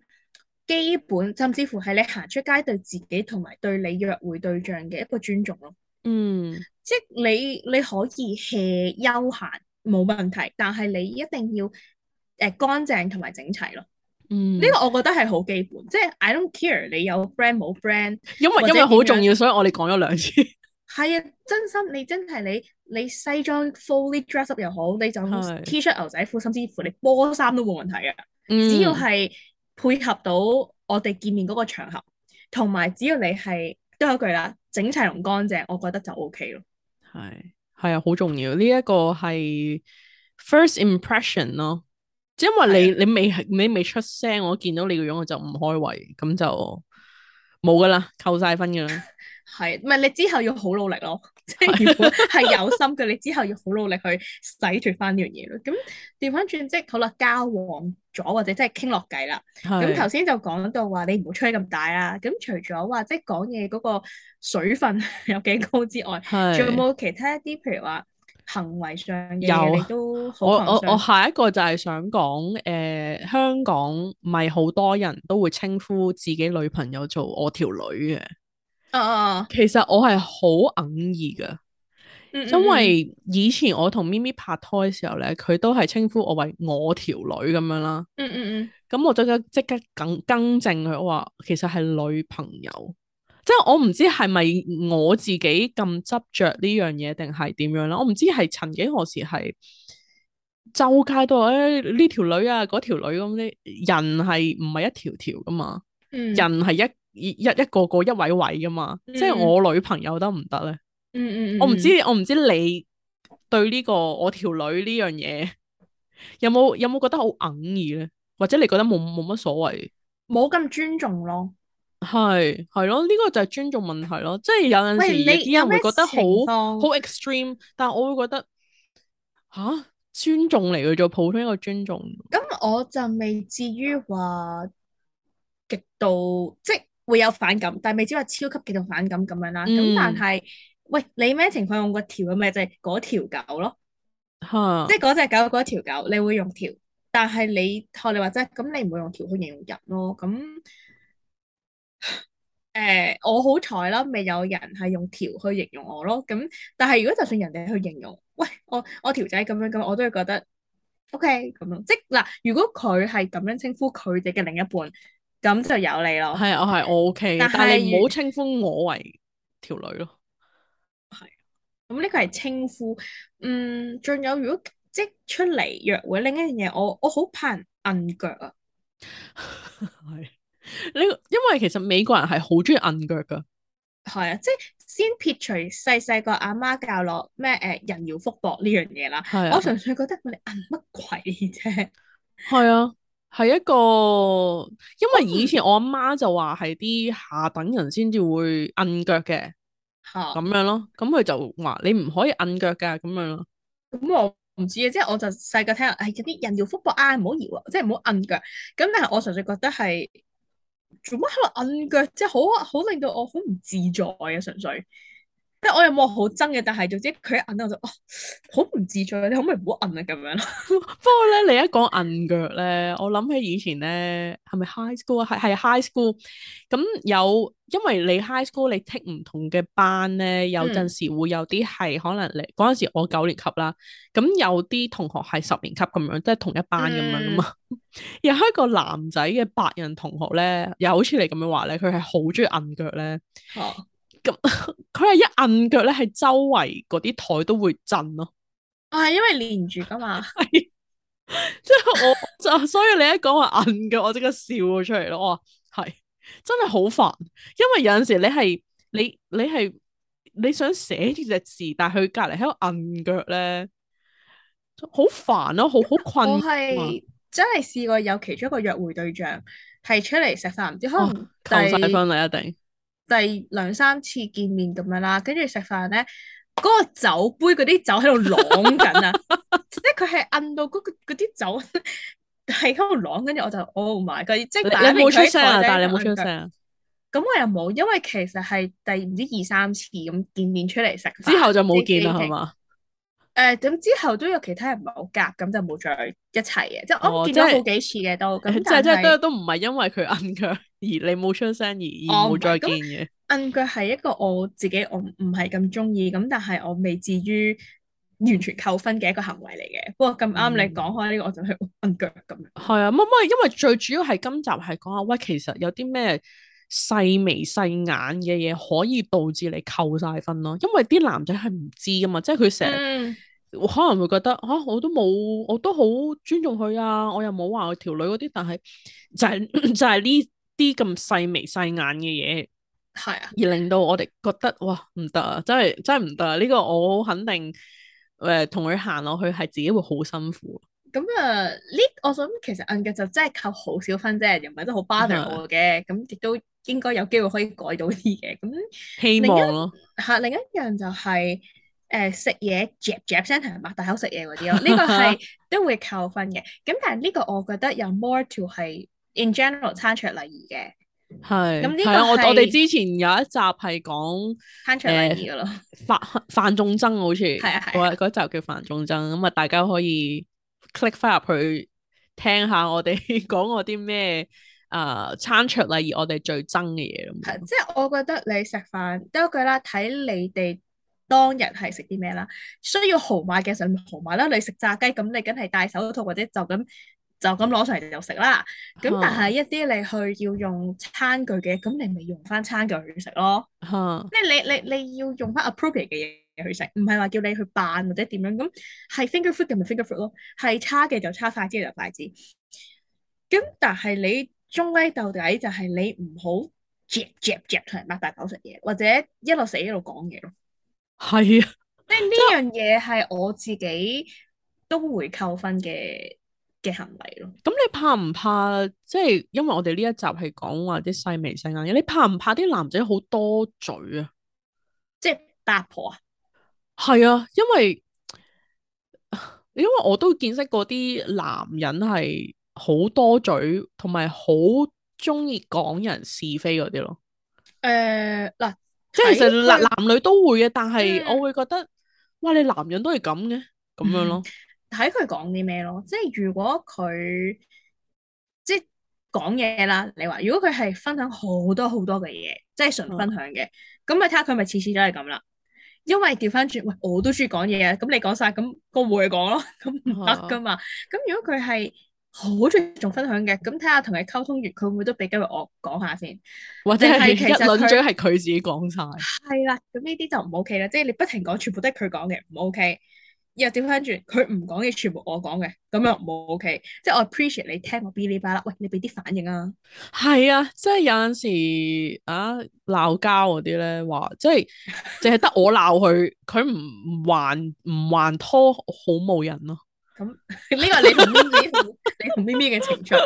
基本，甚至乎係你行出街對自己同埋對你約會對象嘅一個尊重咯。嗯，即係你你可以 hea 休閒冇問題，但係你一定要。誒乾淨同埋整齊咯，呢個我覺得係好基本，即係 I don't care 你有 friend 冇 friend，因為因為好重要，所以我哋講咗兩次。係啊，真心你真係你你西裝 fully dress up 又好，你就 T 恤牛仔褲，甚至乎你波衫都冇問題啊！只要係配合到我哋見面嗰個場合，同埋只要你係都係嗰句啦，整齊同乾淨，我覺得就 O K 咯。係係啊，好重要，呢一個係 first impression 咯。即因為你的你未你未出聲，我見到你個樣我就唔開胃，咁就冇噶啦，扣晒分噶啦。係，唔係你之後要好努力咯，即係如果係有心嘅，你之後要好努，是的 努力去洗脫翻呢樣嘢咯。咁調翻轉即係好啦，交往咗或者即係傾落偈啦。咁頭先就講到說你話你唔好吹咁大啦。咁除咗話即係講嘢嗰個水分有幾高之外，仲的有冇其他一啲譬如話？行為上有，嘢都我，我我我下一個就係想講，誒、呃，香港咪好多人都會稱呼自己女朋友做我條女嘅。啊啊，其實我係好愕意噶，mm hmm. 因為以前我同咪咪拍拖嘅時候咧，佢都係稱呼我為我條女咁樣啦。嗯嗯嗯，咁、hmm. 我即刻即刻更更正佢，我話其實係女朋友。即係我唔知係咪我自己咁執着呢樣嘢定係點樣啦？我唔知係曾幾何時係周街都話呢條女啊嗰條女咁、啊、啲人係唔係一條條噶嘛？嗯、人係一一一,一個個一位位噶嘛？嗯、即係我女朋友得唔得咧？嗯，嗯嗯，我唔知我唔知你對呢、呢個我條女呢樣嘢有冇有冇覺得好哽耳咧？或者你覺得冇冇乜所謂？冇咁尊重咯。係係咯，呢、這個就係尊重問題咯，即係有陣時啲人會覺得好好 extreme，但係我會覺得吓、啊、尊重嚟嘅，做普通一個尊重。咁我就未至於話極度，即係會有反感，但未至於話超級極度反感咁樣啦。咁、嗯、但係喂，你咩情況用條嘅咩就係嗰條狗咯， 即係嗰隻狗嗰條狗，你會用條，但係你我你話齋，咁你唔會用條去形容人咯，咁。誒，uh, 我好彩啦，未有人係用條去形容我咯。咁，但係如果就算人哋去形容，喂，我我條仔咁樣咁，我都係覺得 O K 咁咯。即嗱，如果佢係咁樣稱呼佢哋嘅另一半，咁就有你咯。係，我係 O K，但係你唔好稱呼我為條女咯。係，咁呢個係稱呼。嗯，仲有如果即出嚟約會，另一樣嘢，我我好怕人硬腳啊。係。 呢，因為其實美國人係好中意摁腳噶，係啊，即係先撇除細細個阿媽教落咩誒人搖福薄呢樣嘢啦，啊、我純粹覺得我哋摁乜鬼啫，係啊，係一個因為以前我阿媽就話係啲下等人先至會摁腳嘅，吓咁不樣咯，咁佢就話你唔可以摁腳噶咁樣咯，咁、嗯、我唔知我、哎、啊，即係我就細個聽係有啲人搖福薄啊，唔好搖即係唔好摁腳，咁但係我純粹覺得係。做乜喺度摁腳，即係好好令到我好唔自在嘅、啊，純粹。即係我又冇好憎嘅，但係總之佢一摁我就，哦，好唔自在，你可唔可以唔好摁啊？咁樣。不過咧，你一講摁腳咧，我諗起以前咧，係咪 high school 啊？係係 high school。咁有，因為你 high school 你 take 唔同嘅班咧，有陣時會有啲係可能你嗰陣時我九年級啦，咁有啲同學係十年級咁樣，即係同一班咁樣啊嘛。嗯、 有一個男仔嘅白人同學咧，又好似你咁樣話咧，佢係好中意摁腳咧。哦。咁佢係一摁腳咧，係周圍嗰啲台都會震咯。啊，係、啊、因為連住噶嘛，即係 我就所以你一講話摁腳，我即刻笑咗出嚟咯。哦，係真係好煩，因為有陣時你係你你係你想寫住隻字，但係佢隔籬喺度摁腳咧，好煩咯，好好困、啊。我係真係試過有其中一個約會對象提出嚟食飯，唔知可能扣晒婚啦，啊、禮一定。第兩三次見面咁樣啦，跟住食飯咧，嗰、嗰個酒杯嗰啲酒喺度攣緊啊！即係佢係摁到嗰啲酒係喺度攣，跟住、啊、我就 oh my god 即係你冇出聲啊？但係你冇出聲啊？咁我又冇，因為其實係第唔知二三次咁見面出嚟食之後就冇見啦，係嘛？誒，咁之後都嗎、呃、有其他人唔係好夾，咁就冇再一齊嘅。哦、即係是我見咗好幾次嘅都，即係即係都都唔係因為佢摁㗎。 而你冇出聲而已冇再見嘅，摁腳係一個我自己我唔係咁中意，咁但係我未至於完全扣分嘅一個行為嚟嘅。不過咁啱你講開呢、這個，嗯、我就去摁腳咁樣。係啊，乜乜？因為最主要係今集係講啊，喂，其實有啲咩細眉細眼嘅嘢可以導致你扣晒分咯。因為啲男仔係唔知噶嘛，即係佢成日可能會覺得啊，我都冇，我都好尊重佢啊，我又冇話佢條女嗰啲，但係就係、 就係、係、呢。啲咁細眉細眼嘅嘢，係啊，而令到我哋覺得哇唔得啊，真係真係唔得啊！呢個我肯定誒、呃、同佢行落去係自己會好辛苦。咁啊呢，我想其實硬嘅就真係扣好少分啫，又唔係真係好巴閉我嘅，咁亦都應該有機會可以改到啲嘅。咁希望咯。嚇，另一樣就係誒食嘢夾夾聲係擘大口食嘢嗰啲啊，呢個係都會扣分嘅。咁但係呢個我覺得有 more to 係。in general 餐桌禮儀嘅。係咁，呢個我我哋之前有一集係講餐桌禮儀嘅咯、呃，范范仲憎好似係啊，嗰集叫范仲憎。咁啊大家可以 click 翻入去聽下我哋講我啲咩啊，餐桌禮儀我哋最憎嘅嘢咁，即係我覺得你食飯一句啦，睇你哋當日係食啲咩啦，需要豪邁嘅就豪邁啦，你食炸雞咁你梗係戴手套或者就咁。就咁攞上嚟就食啦。咁但係一啲你去要用餐具嘅，咁你咪用翻餐具去食咯。嚇！你你你你要用翻 appropriate 嘅嘢去食，唔係話叫你去扮或者點樣。咁係 finger food 嘅咪 finger food 咯，係叉嘅就叉，筷子嘅，就筷子。咁但係你中歸到底，就係你唔好夾夾夾成八八九食嘢，或者一路食一路講嘢咯。係啊。即係呢樣嘢係我自己都會扣分嘅。嘅行李咯，咁你怕唔怕？即係因為我哋呢一集係講話啲細微聲音，你怕唔怕啲男仔好多嘴啊？即係八婆啊？係啊，因為因為我都見識過啲男人係好多嘴，同埋好中意講人是非嗰啲咯。誒、呃，嗱，即係其實男男女都會嘅，但係我會覺得，嗯、哇，你男人都係咁嘅，咁樣咯。嗯睇佢講啲咩咯，即係如果佢即係講嘢啦，你話如果佢係分享好多好多嘅嘢，即係純分享嘅，咁咪睇下佢咪次次都係咁啦。因為調翻轉，喂，我都中意講嘢啊，咁你講晒，咁我唔會講咯，咁唔得噶嘛。咁、嗯、如果佢係好中意仲分享嘅，咁睇下同佢溝通完，佢會唔會都俾機會我講下先？或者係其實一輪嘴係佢自己講晒？係啦，咁呢啲就唔 OK 啦，即係你不停講，全部都係佢講嘅，唔 OK。又調翻轉，佢唔講嘅全部我講嘅，咁又冇。OK。即係我 appreciate 你聽我 bilibala，喂，你俾啲反應啊。係啊，即係有陣時啊，鬧交嗰啲咧話，即係淨係得我鬧佢，佢唔還唔還拖好冇癮咯。咁呢個你同咪咪，你同咪咪嘅情誼。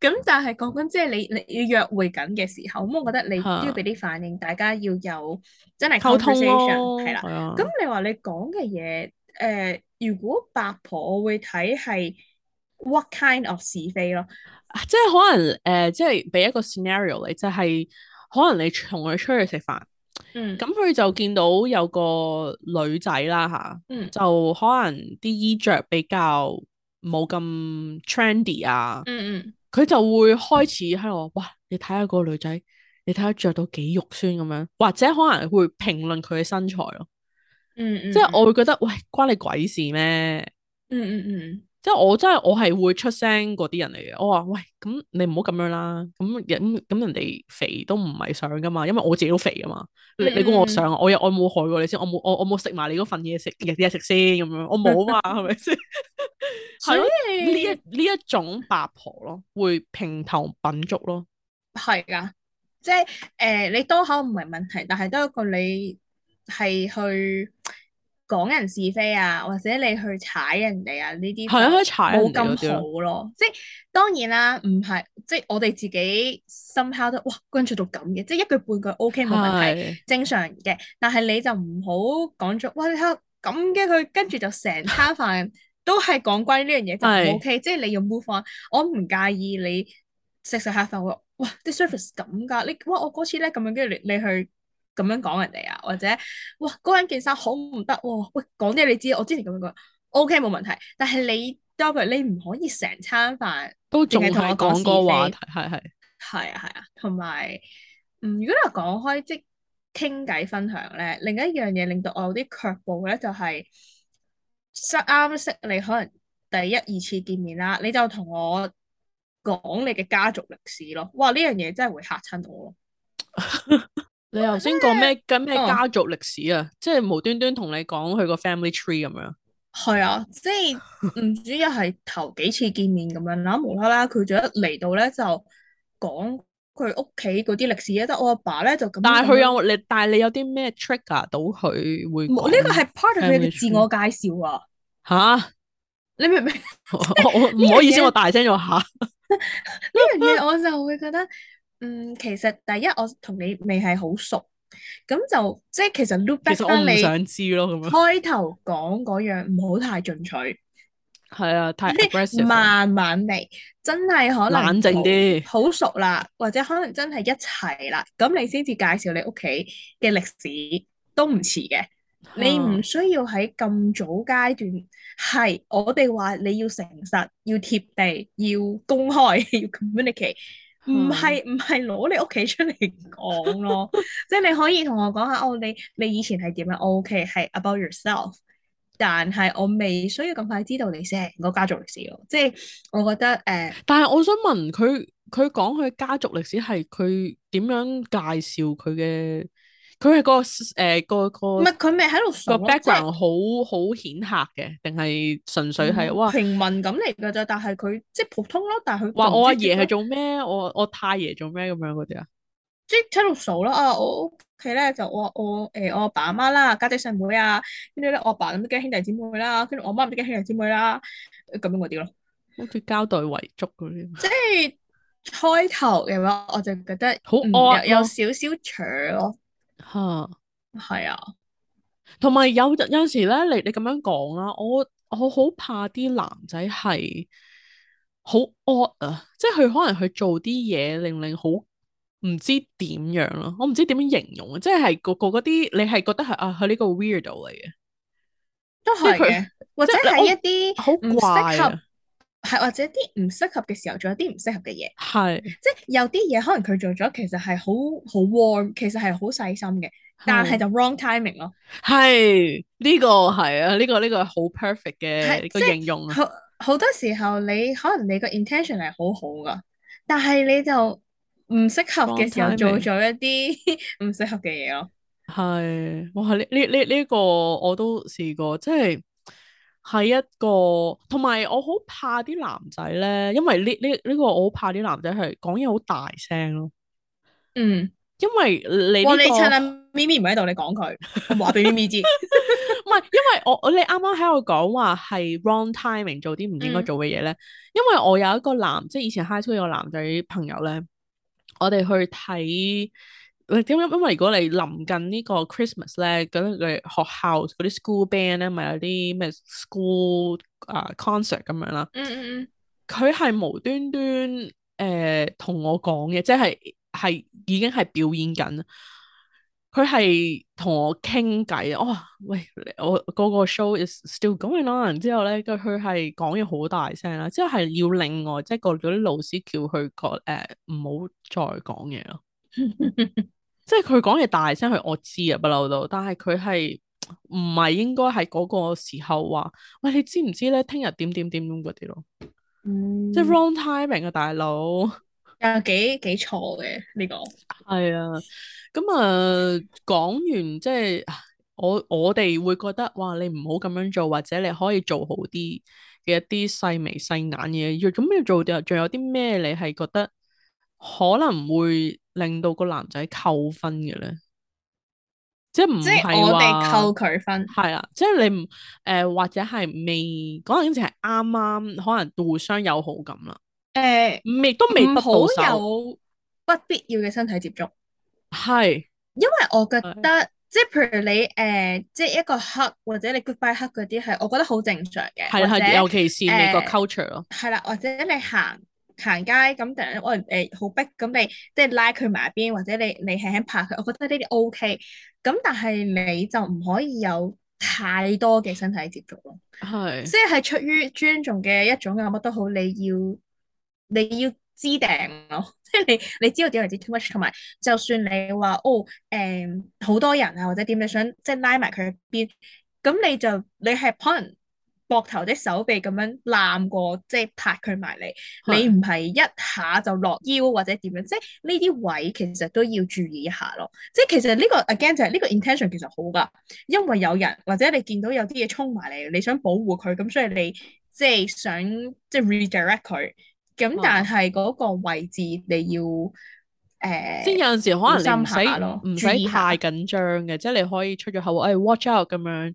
咁但係講緊即係你你要約會緊嘅時候，咁我覺得你都要俾啲反應，大家要有真係溝通咯，係啦。咁你話你講嘅嘢。誒、呃，如果八婆，我會睇係 what kind of 是、si、非咯，即係可能誒、呃，即係俾一個 scenario 嚟，即係可能你同佢出去食飯，嗯，咁佢就見到有個女仔啦吓，嗯、就可能啲衣着比較冇咁 trendy 啊，嗯嗯，佢就會開始喺度，哇，你睇下個女仔，你睇下着到幾肉酸咁樣，或者可能會評論佢嘅身材咯。嗯，嗯，即係我會覺得，喂，關你鬼事咩？嗯嗯嗯，即係我真係我係會出聲嗰啲人嚟嘅。我話喂，咁你唔好咁樣啦。咁人咁人哋肥都唔係想噶嘛，因為我自己都肥啊嘛。嗯嗯你估我，我想我又我冇害過你，你先，我冇我我冇食埋你嗰份嘢食日嘢食先咁樣，我冇嘛係咪先？係呢 以一呢一種八婆咯，會評頭品足咯。係噶，即係誒、呃，你多口唔係問題，但係都有一個你。係去講人是非啊，或者你去踩人哋啊，呢啲係啊，去踩冇咁好咯。即係當然啦，唔係即係我哋自己心敲得哇，跟住到咁嘅，即係一句半句 OK 冇問題，是正常嘅。但係你就唔好講咗哇，你睇咁嘅佢，跟住就成餐飯都係講關於呢樣嘢就不 OK 是。即係你要 move on，我唔介意你食食下飯。哇，啲 service 咁噶？你哇，我嗰次咧咁樣，跟住你你,你去。你去咁樣講人哋啊，或者哇，嗰個人件衫好唔得喎，喂，講啲你知，我之前咁樣講，O K 冇問題，但係你，例如你唔可以成餐飯都仲同我講個話題，係係係啊係啊，同埋，嗯，如果你話講開即傾偈分享咧，另一樣嘢令到我有啲卻步咧，就係、是，識啱識你可能第一二次見面啦，你就同我講你嘅家族歷史咯，哇，呢樣嘢真係會嚇親我咯。 你頭先講咩？跟咩、嗯、家族歷史啊？即係無端端同你講佢個 family tree 咁樣。係啊，即係唔知又係頭幾次見面咁樣啦， 無啦啦佢仲一嚟到咧就講佢屋企嗰啲歷史咧。得我阿爸咧就咁。但係佢有你，但係你有啲咩 trigger 到佢會？呢個係 part of 佢哋自我介紹啊。吓？ 你明唔明 我唔好意思，是 我大聲咗下。呢樣嘢我就會覺得。嗯，其實第一我同你未係好熟，咁就即係其實 look back 翻你開頭講嗰樣，唔好 太進取，係啊，太慢慢嚟，真係可能冷靜啲，好熟啦，或者可能真係一齊啦，咁你先至介紹你屋企嘅歷史都唔遲嘅， 你唔需要喺咁早階段係我哋話你要誠實，要貼地，要公開，要 communicate。唔係唔係攞你屋企出嚟講咯， 即係你可以同我講下哦，你你以前係點樣？OK，係 about yourself，但係我未需要咁快知道你成個家族歷史咯，即係我覺得誒，uh，但係我想問佢，佢講佢家族歷史係佢點樣介紹佢嘅？佢係個誒個個，唔係佢咪喺度。個 background 好好顯客嘅，定係純粹係哇平民咁嚟㗎咋？但係佢即係普通咯。但係佢話我阿爺係做咩？我我太爺做咩咁樣嗰啲啊？即係喺度數啦啊！我屋企咧就我我誒我阿爸阿媽啦，家姐細妹啊，跟住咧我阿爸咁都幾兄弟姊妹啦，跟住我媽唔知幾兄弟姊妹啦，咁樣嗰啲咯。好似交代遺囑嗰啲。即係開頭嘅話，我就覺得 好、嗯、有少少長咯。 吓，係啊，同埋、啊、有有，有時咧，你你咁樣講啦、啊，我我好怕啲男仔係好惡啊，即係佢可能去做啲嘢令令好唔知點樣咯，我唔知點樣形容、那個、啊，即係個個嗰啲你係覺得係啊，佢呢個 weirdo 嚟嘅，都係佢，或者係一啲好很適怪係或者啲唔適合嘅時候，做一啲唔適合嘅嘢。係是，即係有啲嘢可能佢做咗，其實係好好 warm，其實係好細心嘅，oh. 但係就 wrong timing 咯。係呢，這個係啊，呢，這個呢，這個係好 perfect 嘅一是個形容咯。好多時候你可能你個 intention 係好好噶，但係你就唔適合嘅時候做咗一啲唔適合嘅嘢咯。係，哇！呢呢呢呢個我都試過，即係。係一個同埋，我好怕啲男仔咧，因為呢呢呢個我好怕啲男仔係講嘢好大聲咯。嗯，因為你呢、趁你咪咪唔喺度，你講佢話俾咪咪知。唔係， 因為我你剛剛我你啱啱喺度講話係 wrong timing 做啲唔應該做嘅嘢咧，嗯、因為我有一個男即係以前 high school 有個男仔朋友咧，我哋去睇。點解，因為如果你臨近個呢個 Christmas 咧，咁佢學校嗰啲 school band 咧，咪有啲咩 school 啊、uh, concert 咁樣啦。嗯嗯嗯。佢係無端端誒同、呃、我講嘅，即係係已經係表演緊。佢係同我傾偈啊！哇、哦，喂，我個個 show is still going on 之。之後咧，佢佢係講嘢好大聲啦。之後係要另外即係個嗰啲老師叫佢個誒唔好再講嘢咯。 即係佢講嘢大聲，佢我知啊，不嬲都。但係佢係唔係應該喺嗰個時候話？喂，你知唔知咧？聽日點點點嗰啲咯？嗯，嗯即係 wrong timing 啊，大佬又幾幾錯嘅呢個。係啊，咁啊，講完即係我我哋會覺得哇，你唔好咁樣做，或者你可以做好啲嘅一啲細眉細眼嘢。仲咁樣做掉，仲有啲咩你係覺得？可能會令到個男仔扣分嘅咧，即係唔即係我哋扣佢分係啦，即係你唔誒、呃、或者係未嗰陣時係啱啱可能互相有好感啦，誒未、呃、都未唔好有不必要嘅身體接觸，係是因為我覺得是即係譬如你誒、呃、即係一個 hug，或者你 goodbye hug 嗰啲係我覺得好正常嘅，係啦係，尤其是你個 culture 咯，係啦或者你行。行街咁突然我誒好逼咁，你即係拉佢埋邊，或者你你輕輕拍佢，我覺得呢啲 OK。咁但係你就唔可以有太多嘅身體接觸咯，是即係出於尊重嘅一種，乜都好，你要你要知定咯， 即係你你知道點樣知 too much。同埋就算你話哦誒好、呃、多人啊或者點，你想即係拉埋佢一邊，咁你就你係可能。膊頭的手臂咁樣攬過，即係拍佢埋嚟。的你唔係一下就落腰或者點樣，即係呢啲位其實都要注意一下咯。即係其實呢、呢個 again 就係呢個 intention 其實好噶，因為有人或者你見到有啲嘢衝埋嚟，你想保護佢，咁所以你即係想即係 redirect 佢。咁、啊、但係嗰個位置你要誒，啊呃、先有陣時可能唔使唔使太緊張嘅，即係你可以出咗口，哎 watch out 咁樣。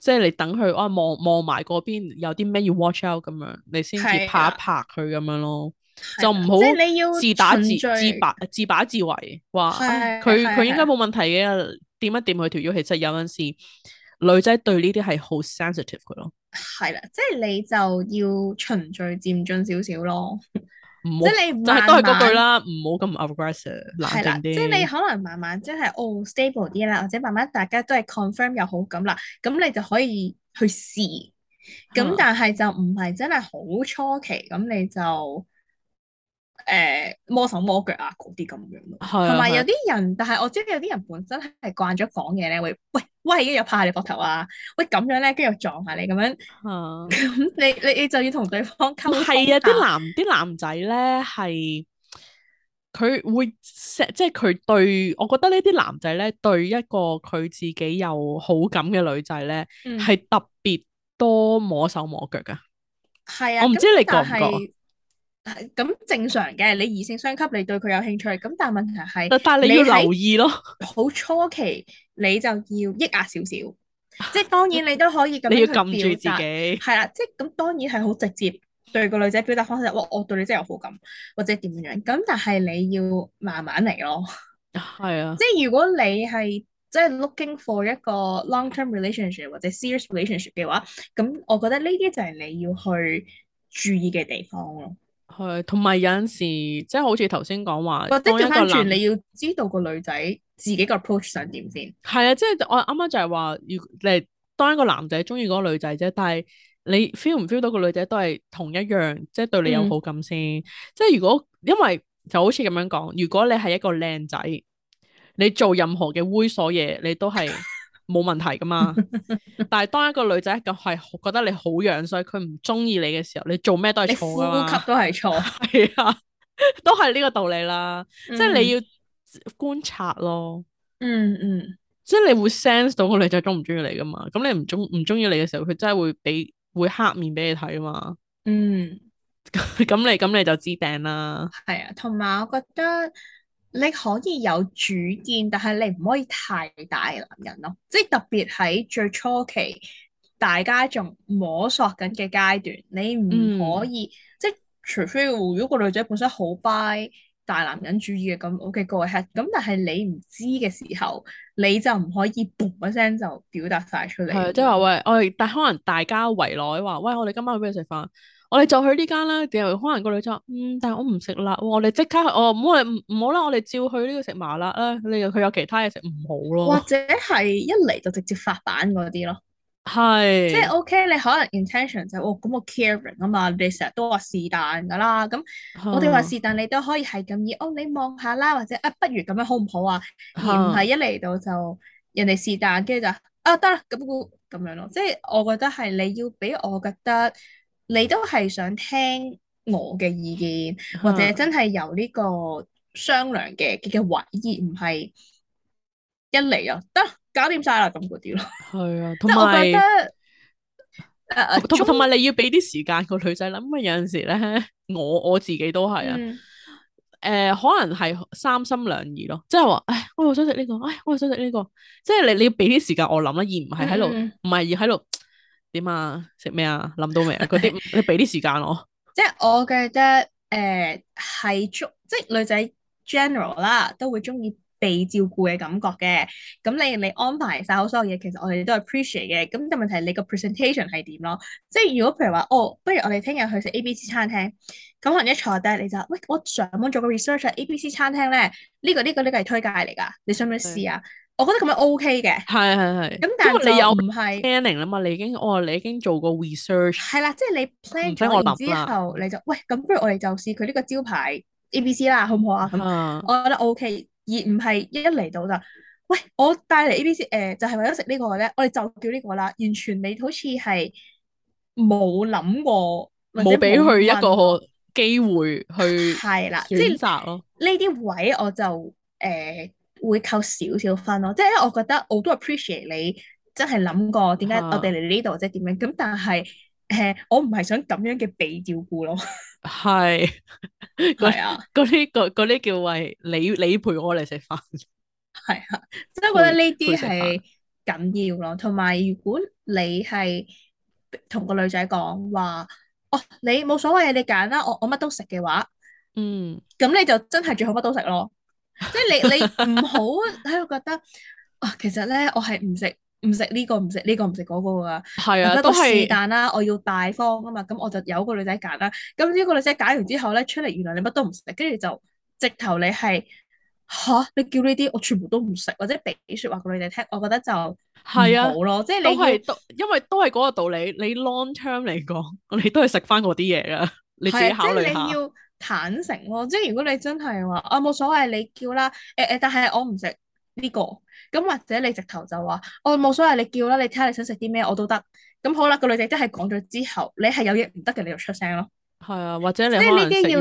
即係你等佢啊，望望埋嗰邊有啲咩要 watch out 咁樣，你先至拍一拍佢咁樣咯，的就唔好自打自、就是、你要自自把自為話佢佢應該冇問題嘅，掂一掂佢條腰，其實有陣時女仔對呢啲係好 sensitive 嘅咯。係啦，即係你就要循序漸進少少咯。別即你唔就係都係嗰句啦，唔好咁 aggressive，冷靜啲。即你可能慢慢即係哦 stable 啲啦，或者慢慢大家都係 confirm 有好感啦，咁你就可以去試。咁、嗯、但係就唔係真係好初期，咁你就。誒，摸手摸腳啊，嗰啲咁樣咯，係。同埋有啲人，但係我知道有啲人本身係慣咗講嘢咧，會喂喂，又拍下你膊頭啊，喂咁樣咧，跟住又撞下你咁樣，咁、啊、你你你就要同對方溝通。係啊，啲男啲男仔咧係，佢會即係佢對，我覺得呢啲男仔咧對一個佢自己有好感嘅女仔咧，係、嗯、特別多摸手摸腳噶。係、嗯、啊，嗯、我唔知你覺唔覺。咁正常嘅，你異性相吸，你對佢有興趣。咁但係問題係，但係你要留意咯。好初期，你就要抑壓少少，即係當然你都可以咁樣表達。你要撳住自己係啦，即係咁，當然係好直接對個女仔表達方式。我我對你真係有好感，或者點樣咁，但係你要慢慢嚟咯。係啊的，即係如果你係即係 looking for 一個 long term relationship 或者 serious relationship 嘅話，咁我覺得呢啲就係你要去注意嘅地方咯。係，同埋、嗯、有陣時，即係好似頭先講話，或是當一個男，跟住你要知道個女仔自己個 approach 想點先。係啊，即係我啱啱就係話，如誒，當一個男仔中意嗰個女仔啫，但係你 feel 唔 feel 到個女仔都係同一樣，即係對你有好感先。嗯、即係如果因為就好似咁樣講，如果你係一個靚仔，你做任何嘅猥瑣嘢，你都係。 冇問題噶嘛， 但係當一個女仔咁係覺得你好樣衰，佢唔中意你嘅時候，你做咩都係錯噶嘛，呼吸都係錯，係 啊，都係呢個道理啦。嗯、即係你要觀察咯。嗯嗯，即係你會 sense 到個女仔中唔中意你噶嘛？咁你唔中唔中意你嘅時候，佢真係會俾會黑面俾你睇啊嘛。嗯，咁 你咁你就知病啦。係啊，同埋我覺得。你可以有主見，但係你唔可以太大男人咯，即係特別喺最初期，大家仲摸索緊嘅階段，你唔可以、嗯、即係除非如果個女仔本身好 by 大男人主義嘅咁，OK go ahead，咁但係你唔知嘅時候，你就唔可以 boom 一聲就表達晒出嚟，即係話喂我、哎、但可能大家圍內話喂，我哋今晚去邊度食飯。我哋就去呢間啦。點可能個女仔話嗯，但係我唔食辣喎。我哋即刻，哦唔好，唔好啦。我哋照去呢度食麻辣啦。你佢有其他嘢食唔好咯。或者係一嚟就直接發版嗰啲咯，係是即係 OK。你可能 intention 就係、哦咁我 caring 啊嘛。你哋成日都話是但噶啦，咁我哋話是但，你都可以係咁樣哦。你望下啦，或者啊，不如咁樣好唔好啊？而唔係一嚟到就是人哋是但，跟住就啊得啦咁估咁樣咯。即係我覺得係你要俾我覺得。你都係想聽我嘅意見，或者真係由呢個商量嘅，佢嘅位而唔係一嚟啊， 得搞掂晒啦咁嗰啲咯。係、呃、啊，同埋，誒同埋你要俾啲時間個女仔諗，因為有陣時咧，我我自己都係啊，誒、嗯呃、可能係三心兩意咯，即係話，唉，我又想食呢、這個，唉，我又想食呢、這個，即係你你要俾啲時間我諗啦，而唔係喺度，唔係而喺度。 點啊？食咩啊？諗到未啊？嗰啲你俾啲時間我。即係 我覺得誒係足，即係女仔 general 啦，都會中意被照顧嘅感覺嘅。咁你你安排晒好所有嘢，其實我哋都係 appreciate 嘅。咁、呢、但、個、問題係你個 presentation 係點咯？即係如果譬如話，哦，不如我哋聽日去食 A B C 餐廳。咁可能一坐低你就喂，我上網做個 research 喺、啊、A B C 餐廳咧，呢、呢個呢、呢個呢、呢個係、呢個、推介嚟噶，你想唔想試啊？我覺得咁樣 O K 嘅，係係係。咁但係就你又唔係 planning 啦嘛？你已經哦，你已經做過 research 係啦，即係你 plan 完之後，你就喂咁，不如我哋就試佢呢個招牌 A B C 啦，好唔好啊？咁、啊、我覺得 O、OK, K，而唔係一一嚟到就喂我帶嚟 A B C，誒、呃、就係、是、為咗食呢個咧。我哋就叫呢個啦，完全你好似係冇諗過，冇俾佢一個機會去係啦，選擇咯。呢啲位我就誒。呃會扣少少分咯，即係因為我覺得我都 appreciate 你真係諗過點解我哋嚟呢度或者點樣，咁但係誒、呃、我唔係想咁樣嘅被照顧咯。係是，係 啊，嗰啲啲叫為你你陪我嚟食飯。係啊，即係我覺得呢啲係緊要咯。同埋如果你係同個女仔講、哦、話，哦你冇所謂你揀啦，我我乜都食嘅話，嗯，咁你就真係最好乜都食咯。 即係你你唔好喺度覺得啊，其實咧我係唔食唔食呢個唔食呢個唔食嗰個噶，我覺得是但啦，我要大方啊嘛。咁我就有個女仔揀啦，咁呢個女仔揀完之後咧出嚟，原來你乜都唔食，跟住就直頭你係吓，啊，你叫呢啲我全部都唔食，或者俾說話個女仔聽，我覺得就係啊，即係你係因為都係嗰個道理，你 long term 嚟講，你都係食翻嗰啲嘢噶，你自己考慮下。坦誠咯、哦，即係如果你真係話啊冇所謂，你叫啦，誒、呃、誒、呃，但係我唔食呢個，咁或者你直頭就話我冇所謂，你叫啦，你睇下你想食啲咩我都得，咁好啦。那個女仔真係講咗之後，你係有嘢唔得嘅你就出聲咯。係啊，或者你即係呢你要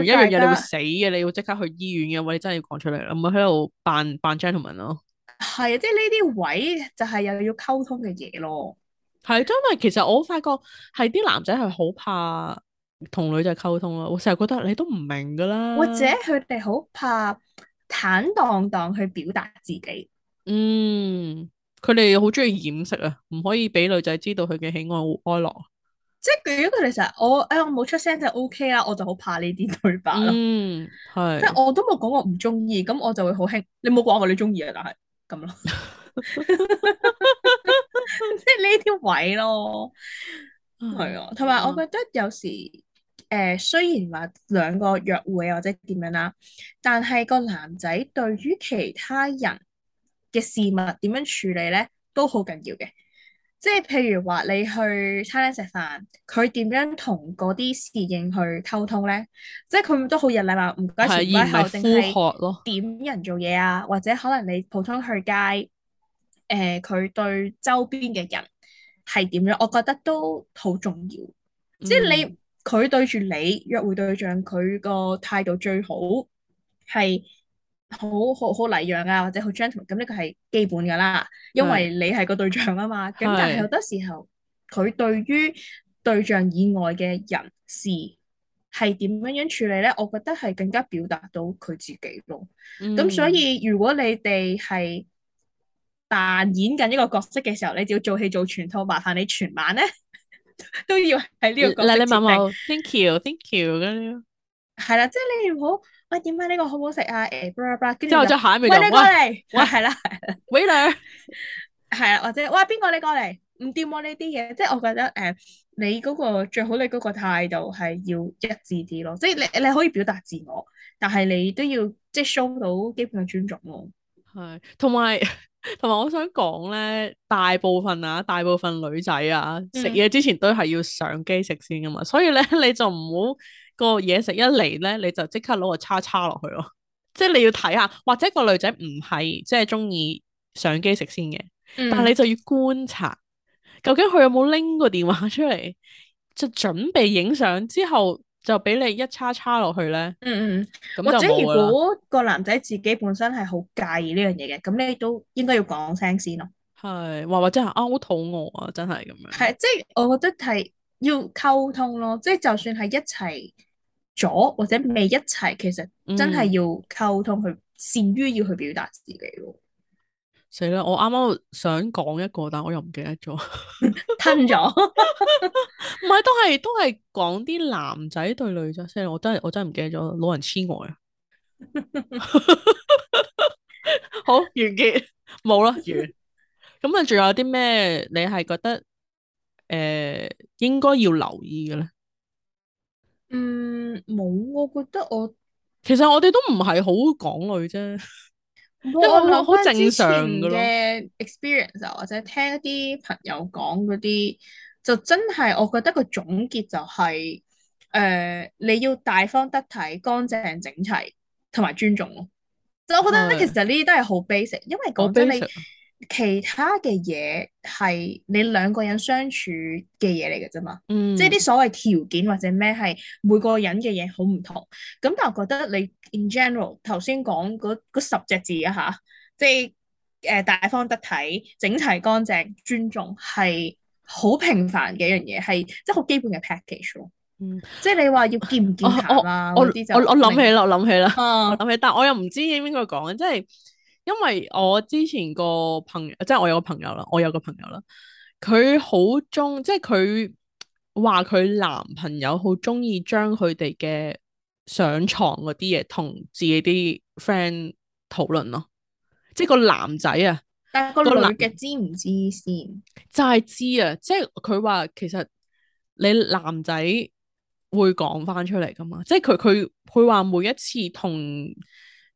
死嘅，你要即刻去醫院嘅話，你真係要講出嚟啦，唔好喺度扮扮 gentleman 咯。係啊，即係呢啲位就係又要溝通嘅嘢咯。係啊，因為其實我發覺係啲男仔係好怕。同女仔溝通啦，我成日覺得你都唔明噶啦，或者佢哋好怕坦蕩蕩去表達自己，嗯，佢哋好中意掩飾啊，唔可以俾女仔知道佢嘅喜怒哀樂，即係如果佢哋成日我誒我冇出聲就 OK 啦，我就好怕呢啲對白咯，嗯係，即係我都冇講我唔中意，咁我就會好興，你冇講過你中意啊，但係咁咯，即係呢啲位咯，係啊，同埋我覺得有時。誒、呃、雖然話兩個約會或者點樣啦，但係個男仔對於其他人嘅事物點樣處理咧，都好緊要嘅。即係譬如話你去餐廳食飯，佢點樣同嗰啲侍應去溝通咧？即係佢都好日禮貌，唔該前唔該後，定係點人做嘢啊？或者可能你普通去街，誒、呃、佢對周邊嘅人係點樣？我覺得都好重要，即係你。嗯佢對住你約會對象，佢個態度最好係好好好禮讓啊，或者好 gentleman，咁呢個係基本噶啦，因為你係個對象啊嘛。咁但係好多時候，佢對於對象以外嘅人士係點樣樣處理咧，我覺得係更加表達到佢自己咯。咁、嗯、所以如果你哋係扮演緊一個角色嘅時候，你就要做戲做全套，麻煩你全晚咧，都要喺呢個嗱，你問我 thank you，thank you，跟住係啦，即係你唔好，喂，點解呢個好唔好食啊？誒，bra 跟住我再下一面，喂，你過嚟，喂係啦 waiter 係啦，或者，喂，邊個你過嚟？唔掂我呢啲嘢，即係我覺得誒、嗯，你嗰、嗰個最好，你嗰個態度係要一致啲咯。即係你你可以表達自我，但係你都要即係 show 到基本嘅尊重咯。係，同埋。同埋我想講咧，大部分啊，大部分女仔啊，食嘢之前都係要相機食先㗎嘛。嗯、所以咧你就唔好，那個嘢食一嚟咧，你就即刻攞個叉叉落去咯，即 係你要睇下，或者個女仔唔係即係鍾意相機食先嘅。嗯、但係你就要觀察究竟佢有冇拎個電話出嚟就準備影相之後。就俾你一叉叉落去咧，嗯嗯，或者如果個男仔自己本身係好介意呢樣嘢嘅，咁你都應該要講聲先咯。係或或者係拗肚餓啊，真係咁樣。係即係，我覺得係要溝通咯，即係就算係一齊咗或者未一齊，其實真係要溝通去、嗯、善於要去表達自己咯。死啦！我啱啱想講一個，但我又唔記得咗， 吞咗了。唔 係，都係都係講啲男仔對女仔先。我真係我真係唔記得咗。老人痴呆啊！ 好完結，冇啦， 完。咁啊，仲有啲咩你係覺得誒、呃，應該要留意嘅咧？嗯，冇。我覺得我其實我哋都唔係好講女啫。哦、我諗翻之前嘅 experience 啊，或者聽一啲朋友講嗰啲，就真係，我覺得個總結就係、是，誒、呃，你要大方得體、乾淨整齊同埋尊重咯。就是我覺得咧，其實呢啲都係好 basic，因為講真你。其他嘅嘢係你兩個人相處嘅嘢嚟嘅啫嘛，嗯、即係啲所謂條件或者咩係每個人嘅嘢好唔同。咁但係我覺得你 in general 頭先講嗰十隻字啊吓，即係誒、呃、大方得體、整齊乾淨、尊重係好平凡嘅一樣嘢，係即係好基本嘅 package 咯。嗯，即係你話要健唔健康啊？嗰啲就我起我諗起啦，諗、啊、起啦，諗起，但係我又唔知應該講啊，即係。因為我之前個朋友，即係我有個朋友啦，我有個朋友啦，佢好鍾，即係佢話佢男朋友好鍾意將佢哋嘅上床嗰啲嘢同自己啲 friend 討論咯，即係個男仔啊，但係個女嘅男知唔知先？就係知啊，即係佢話其實你男仔會講返出嚟㗎嘛，即係佢佢佢話每一次同。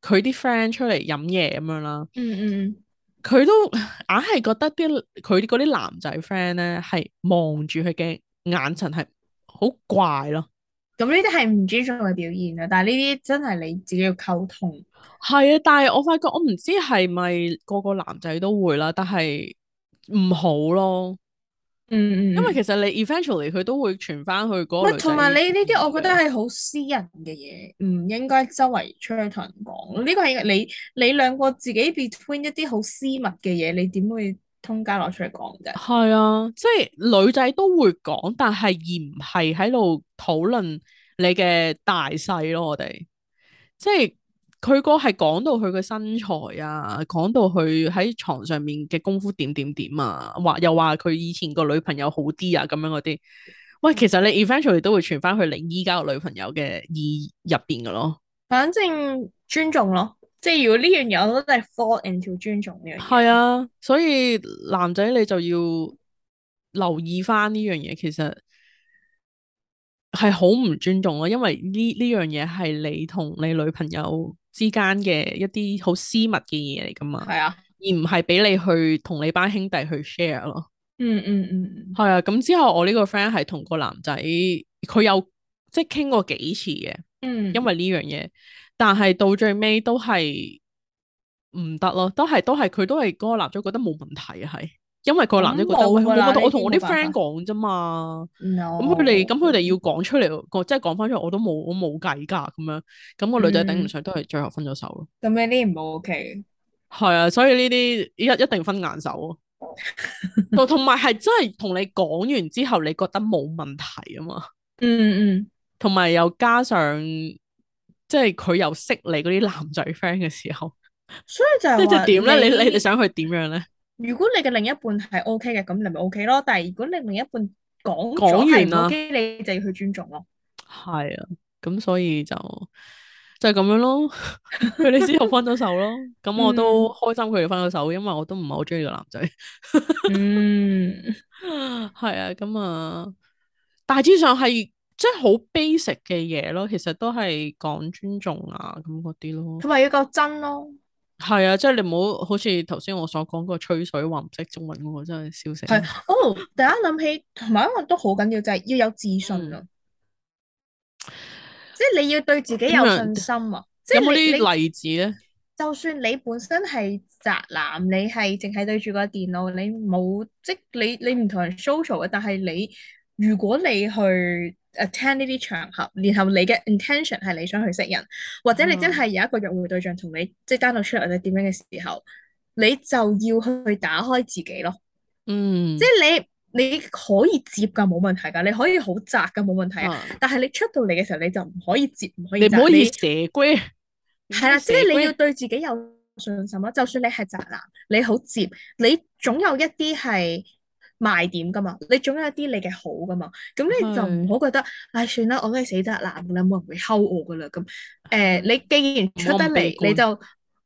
佢啲 friend 出嚟飲嘢咁樣啦，嗯嗯，佢都硬係覺得啲佢啲男仔 friend 咧係望住佢嘅眼神係好怪咯。咁呢啲係唔尊重嘅表現啊！但係呢啲真係你自己要溝通。係啊，但係我發覺我唔知係咪個個男仔都會啦，但係唔好咯。嗯,嗯，因為其實你 eventually 佢都會傳翻去嗰個，同埋你呢啲，我覺得係好私人嘅嘢，唔應該周圍出去同人講。呢個係你你兩個自己 between 一啲好私密嘅嘢，你點會通街攞出嚟講嘅？係、嗯、 啊，即係女仔都會講，但係而唔係喺度討論你嘅大細咯。我哋即係。佢個係講到佢個身材啊，講到佢喺床上面嘅功夫點點點啊，話又話佢以前個女朋友好啲啊，咁樣嗰啲。喂，其實你 eventually 都會傳翻去你依家個女朋友嘅意入邊嘅咯。反正尊重咯，即係如果呢樣嘢，我都真係 fall into 尊重呢樣。係啊，所以男仔你就要留意翻呢樣嘢，其實係好唔尊重咯，因為呢呢樣嘢係你同你女朋友。之間嘅一啲好私密嘅嘢嚟噶嘛，係啊，而唔係俾你去同你班兄弟去 share 咯。嗯嗯嗯，係、嗯嗯、啊。咁之後我呢個 friend 係同個男仔，佢有即係傾過幾次嘅，嗯，因為呢樣嘢，但係到最尾都係唔得咯，都係都係佢都係嗰、嗰個男仔覺得冇問題係。.因為個男仔覺得喂，得我同我啲 friend 講啫嘛，咁佢哋咁佢哋要講出嚟，我 No. 即係講翻出嚟，我都冇，我冇計噶咁樣，咁、個女仔頂唔上，嗯、都係最後分咗手咯。咁呢啲唔 ok，係啊，所以呢啲一一定分硬手咯，同埋係真係同你講完之後，你覺得冇問題啊嘛，嗯嗯，同埋又加上即係佢又識你嗰啲男仔 friend 嘅時候，所以就即係點咧？你你哋想去點樣咧？如果你嘅另一半係 O K 嘅，咁你咪 O K 咯。但係如果你另一半講咗係唔 O K，你就要去尊重咯。係啊，咁所以就就係、是、咁樣咯。佢哋 之後分咗手咯。咁我都開心佢哋分咗手，嗯、因為我都唔係好中意個男仔。 嗯，係啊，咁啊，大致上係即係、就、好、是、basic 嘅嘢咯。其實都係講尊重啊，咁嗰啲咯。同埋要夠真咯。係 啊，即、就、係、是、你唔好好似頭先我所講嗰個吹水話唔識中文喎，我真係笑死！係哦，突然間諗起，同埋一個都好緊要就係、是、要有自信啊。嗯、即係你要對自己有信心啊！即係有冇啲例子咧，就算你本身係宅男，你係淨係對住個電腦，你冇即你你唔同人 social 嘅，但係你如果你去 Attend 呢啲場合，然後你嘅 intention 係你想去識人，或者你真係有一個約會對象同你即係單獨出嚟或者點樣嘅時候，你就要去打開自己咯。嗯、mm.，即係你你可以接㗎，冇問題㗎，你可以好宅㗎，冇問題啊。Uh. 但係你出到嚟嘅時候，你就唔可以接，唔可以接。你唔可以蛇龜。係啦你，即係你要對自己有信心咯。龜就算你係宅男，你好接，你總有一啲係賣點噶嘛，你總有一啲你嘅好噶嘛，咁你就唔好覺得，唉的、哎，算啦，我梗係死得難噶啦，冇人會溝我噶啦咁。誒、呃，你既然出得嚟，你就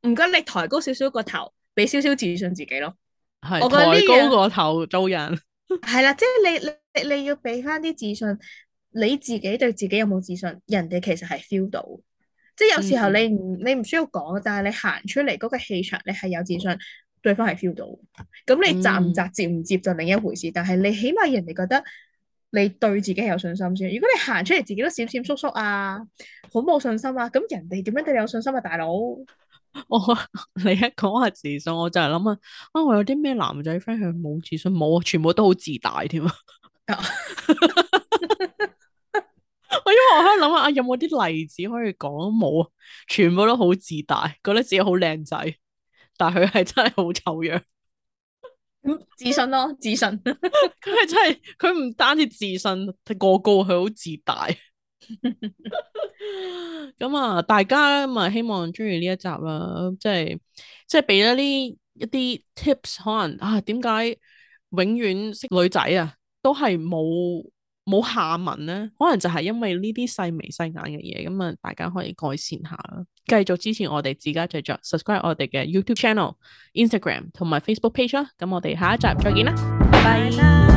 唔該你抬高少少個頭，俾少少自信自己咯。係的，我覺得抬高個頭做人。係啦，即係你你你你要俾翻啲自信，你自己對自己有冇自信？人哋其實係 feel 到，即係有時候你唔、嗯、你唔需要講，但係你行出嚟嗰個氣場，你係有自信。對方係 feel 到，咁你扎唔扎接唔接就另一回事。嗯、但係你起碼人哋覺得你對自己有信心先。如果你行出嚟自己都閃閃縮縮啊，好冇信心啊，咁人哋點樣對你有信心啊，大佬？我你一講下自信，我就係諗啊，啊我有啲咩男仔 friend 佢冇自信，冇啊，全部都好自大添啊！我、 oh. 因為我喺度諗啊，啊有冇啲例子可以講？冇啊，全部都好自大，覺得自己好靚仔。但佢係真係好醜樣，自信咯，自信。佢 係真係，佢唔單止自信過高，佢好自大。咁 啊，大家咪希望中意呢一集啦，啊，即係即係俾咗呢一啲 tips，可能啊，點解永遠識女仔啊，都係冇。冇下文咧，可能就係因為呢啲細眉細眼嘅嘢，咁啊大家可以改善下啦。繼續支持我哋自家製作，subscribe 我哋嘅 YouTube channel、Instagram 同埋 Facebook page 啊。咁我哋下一集再見啦，拜拜。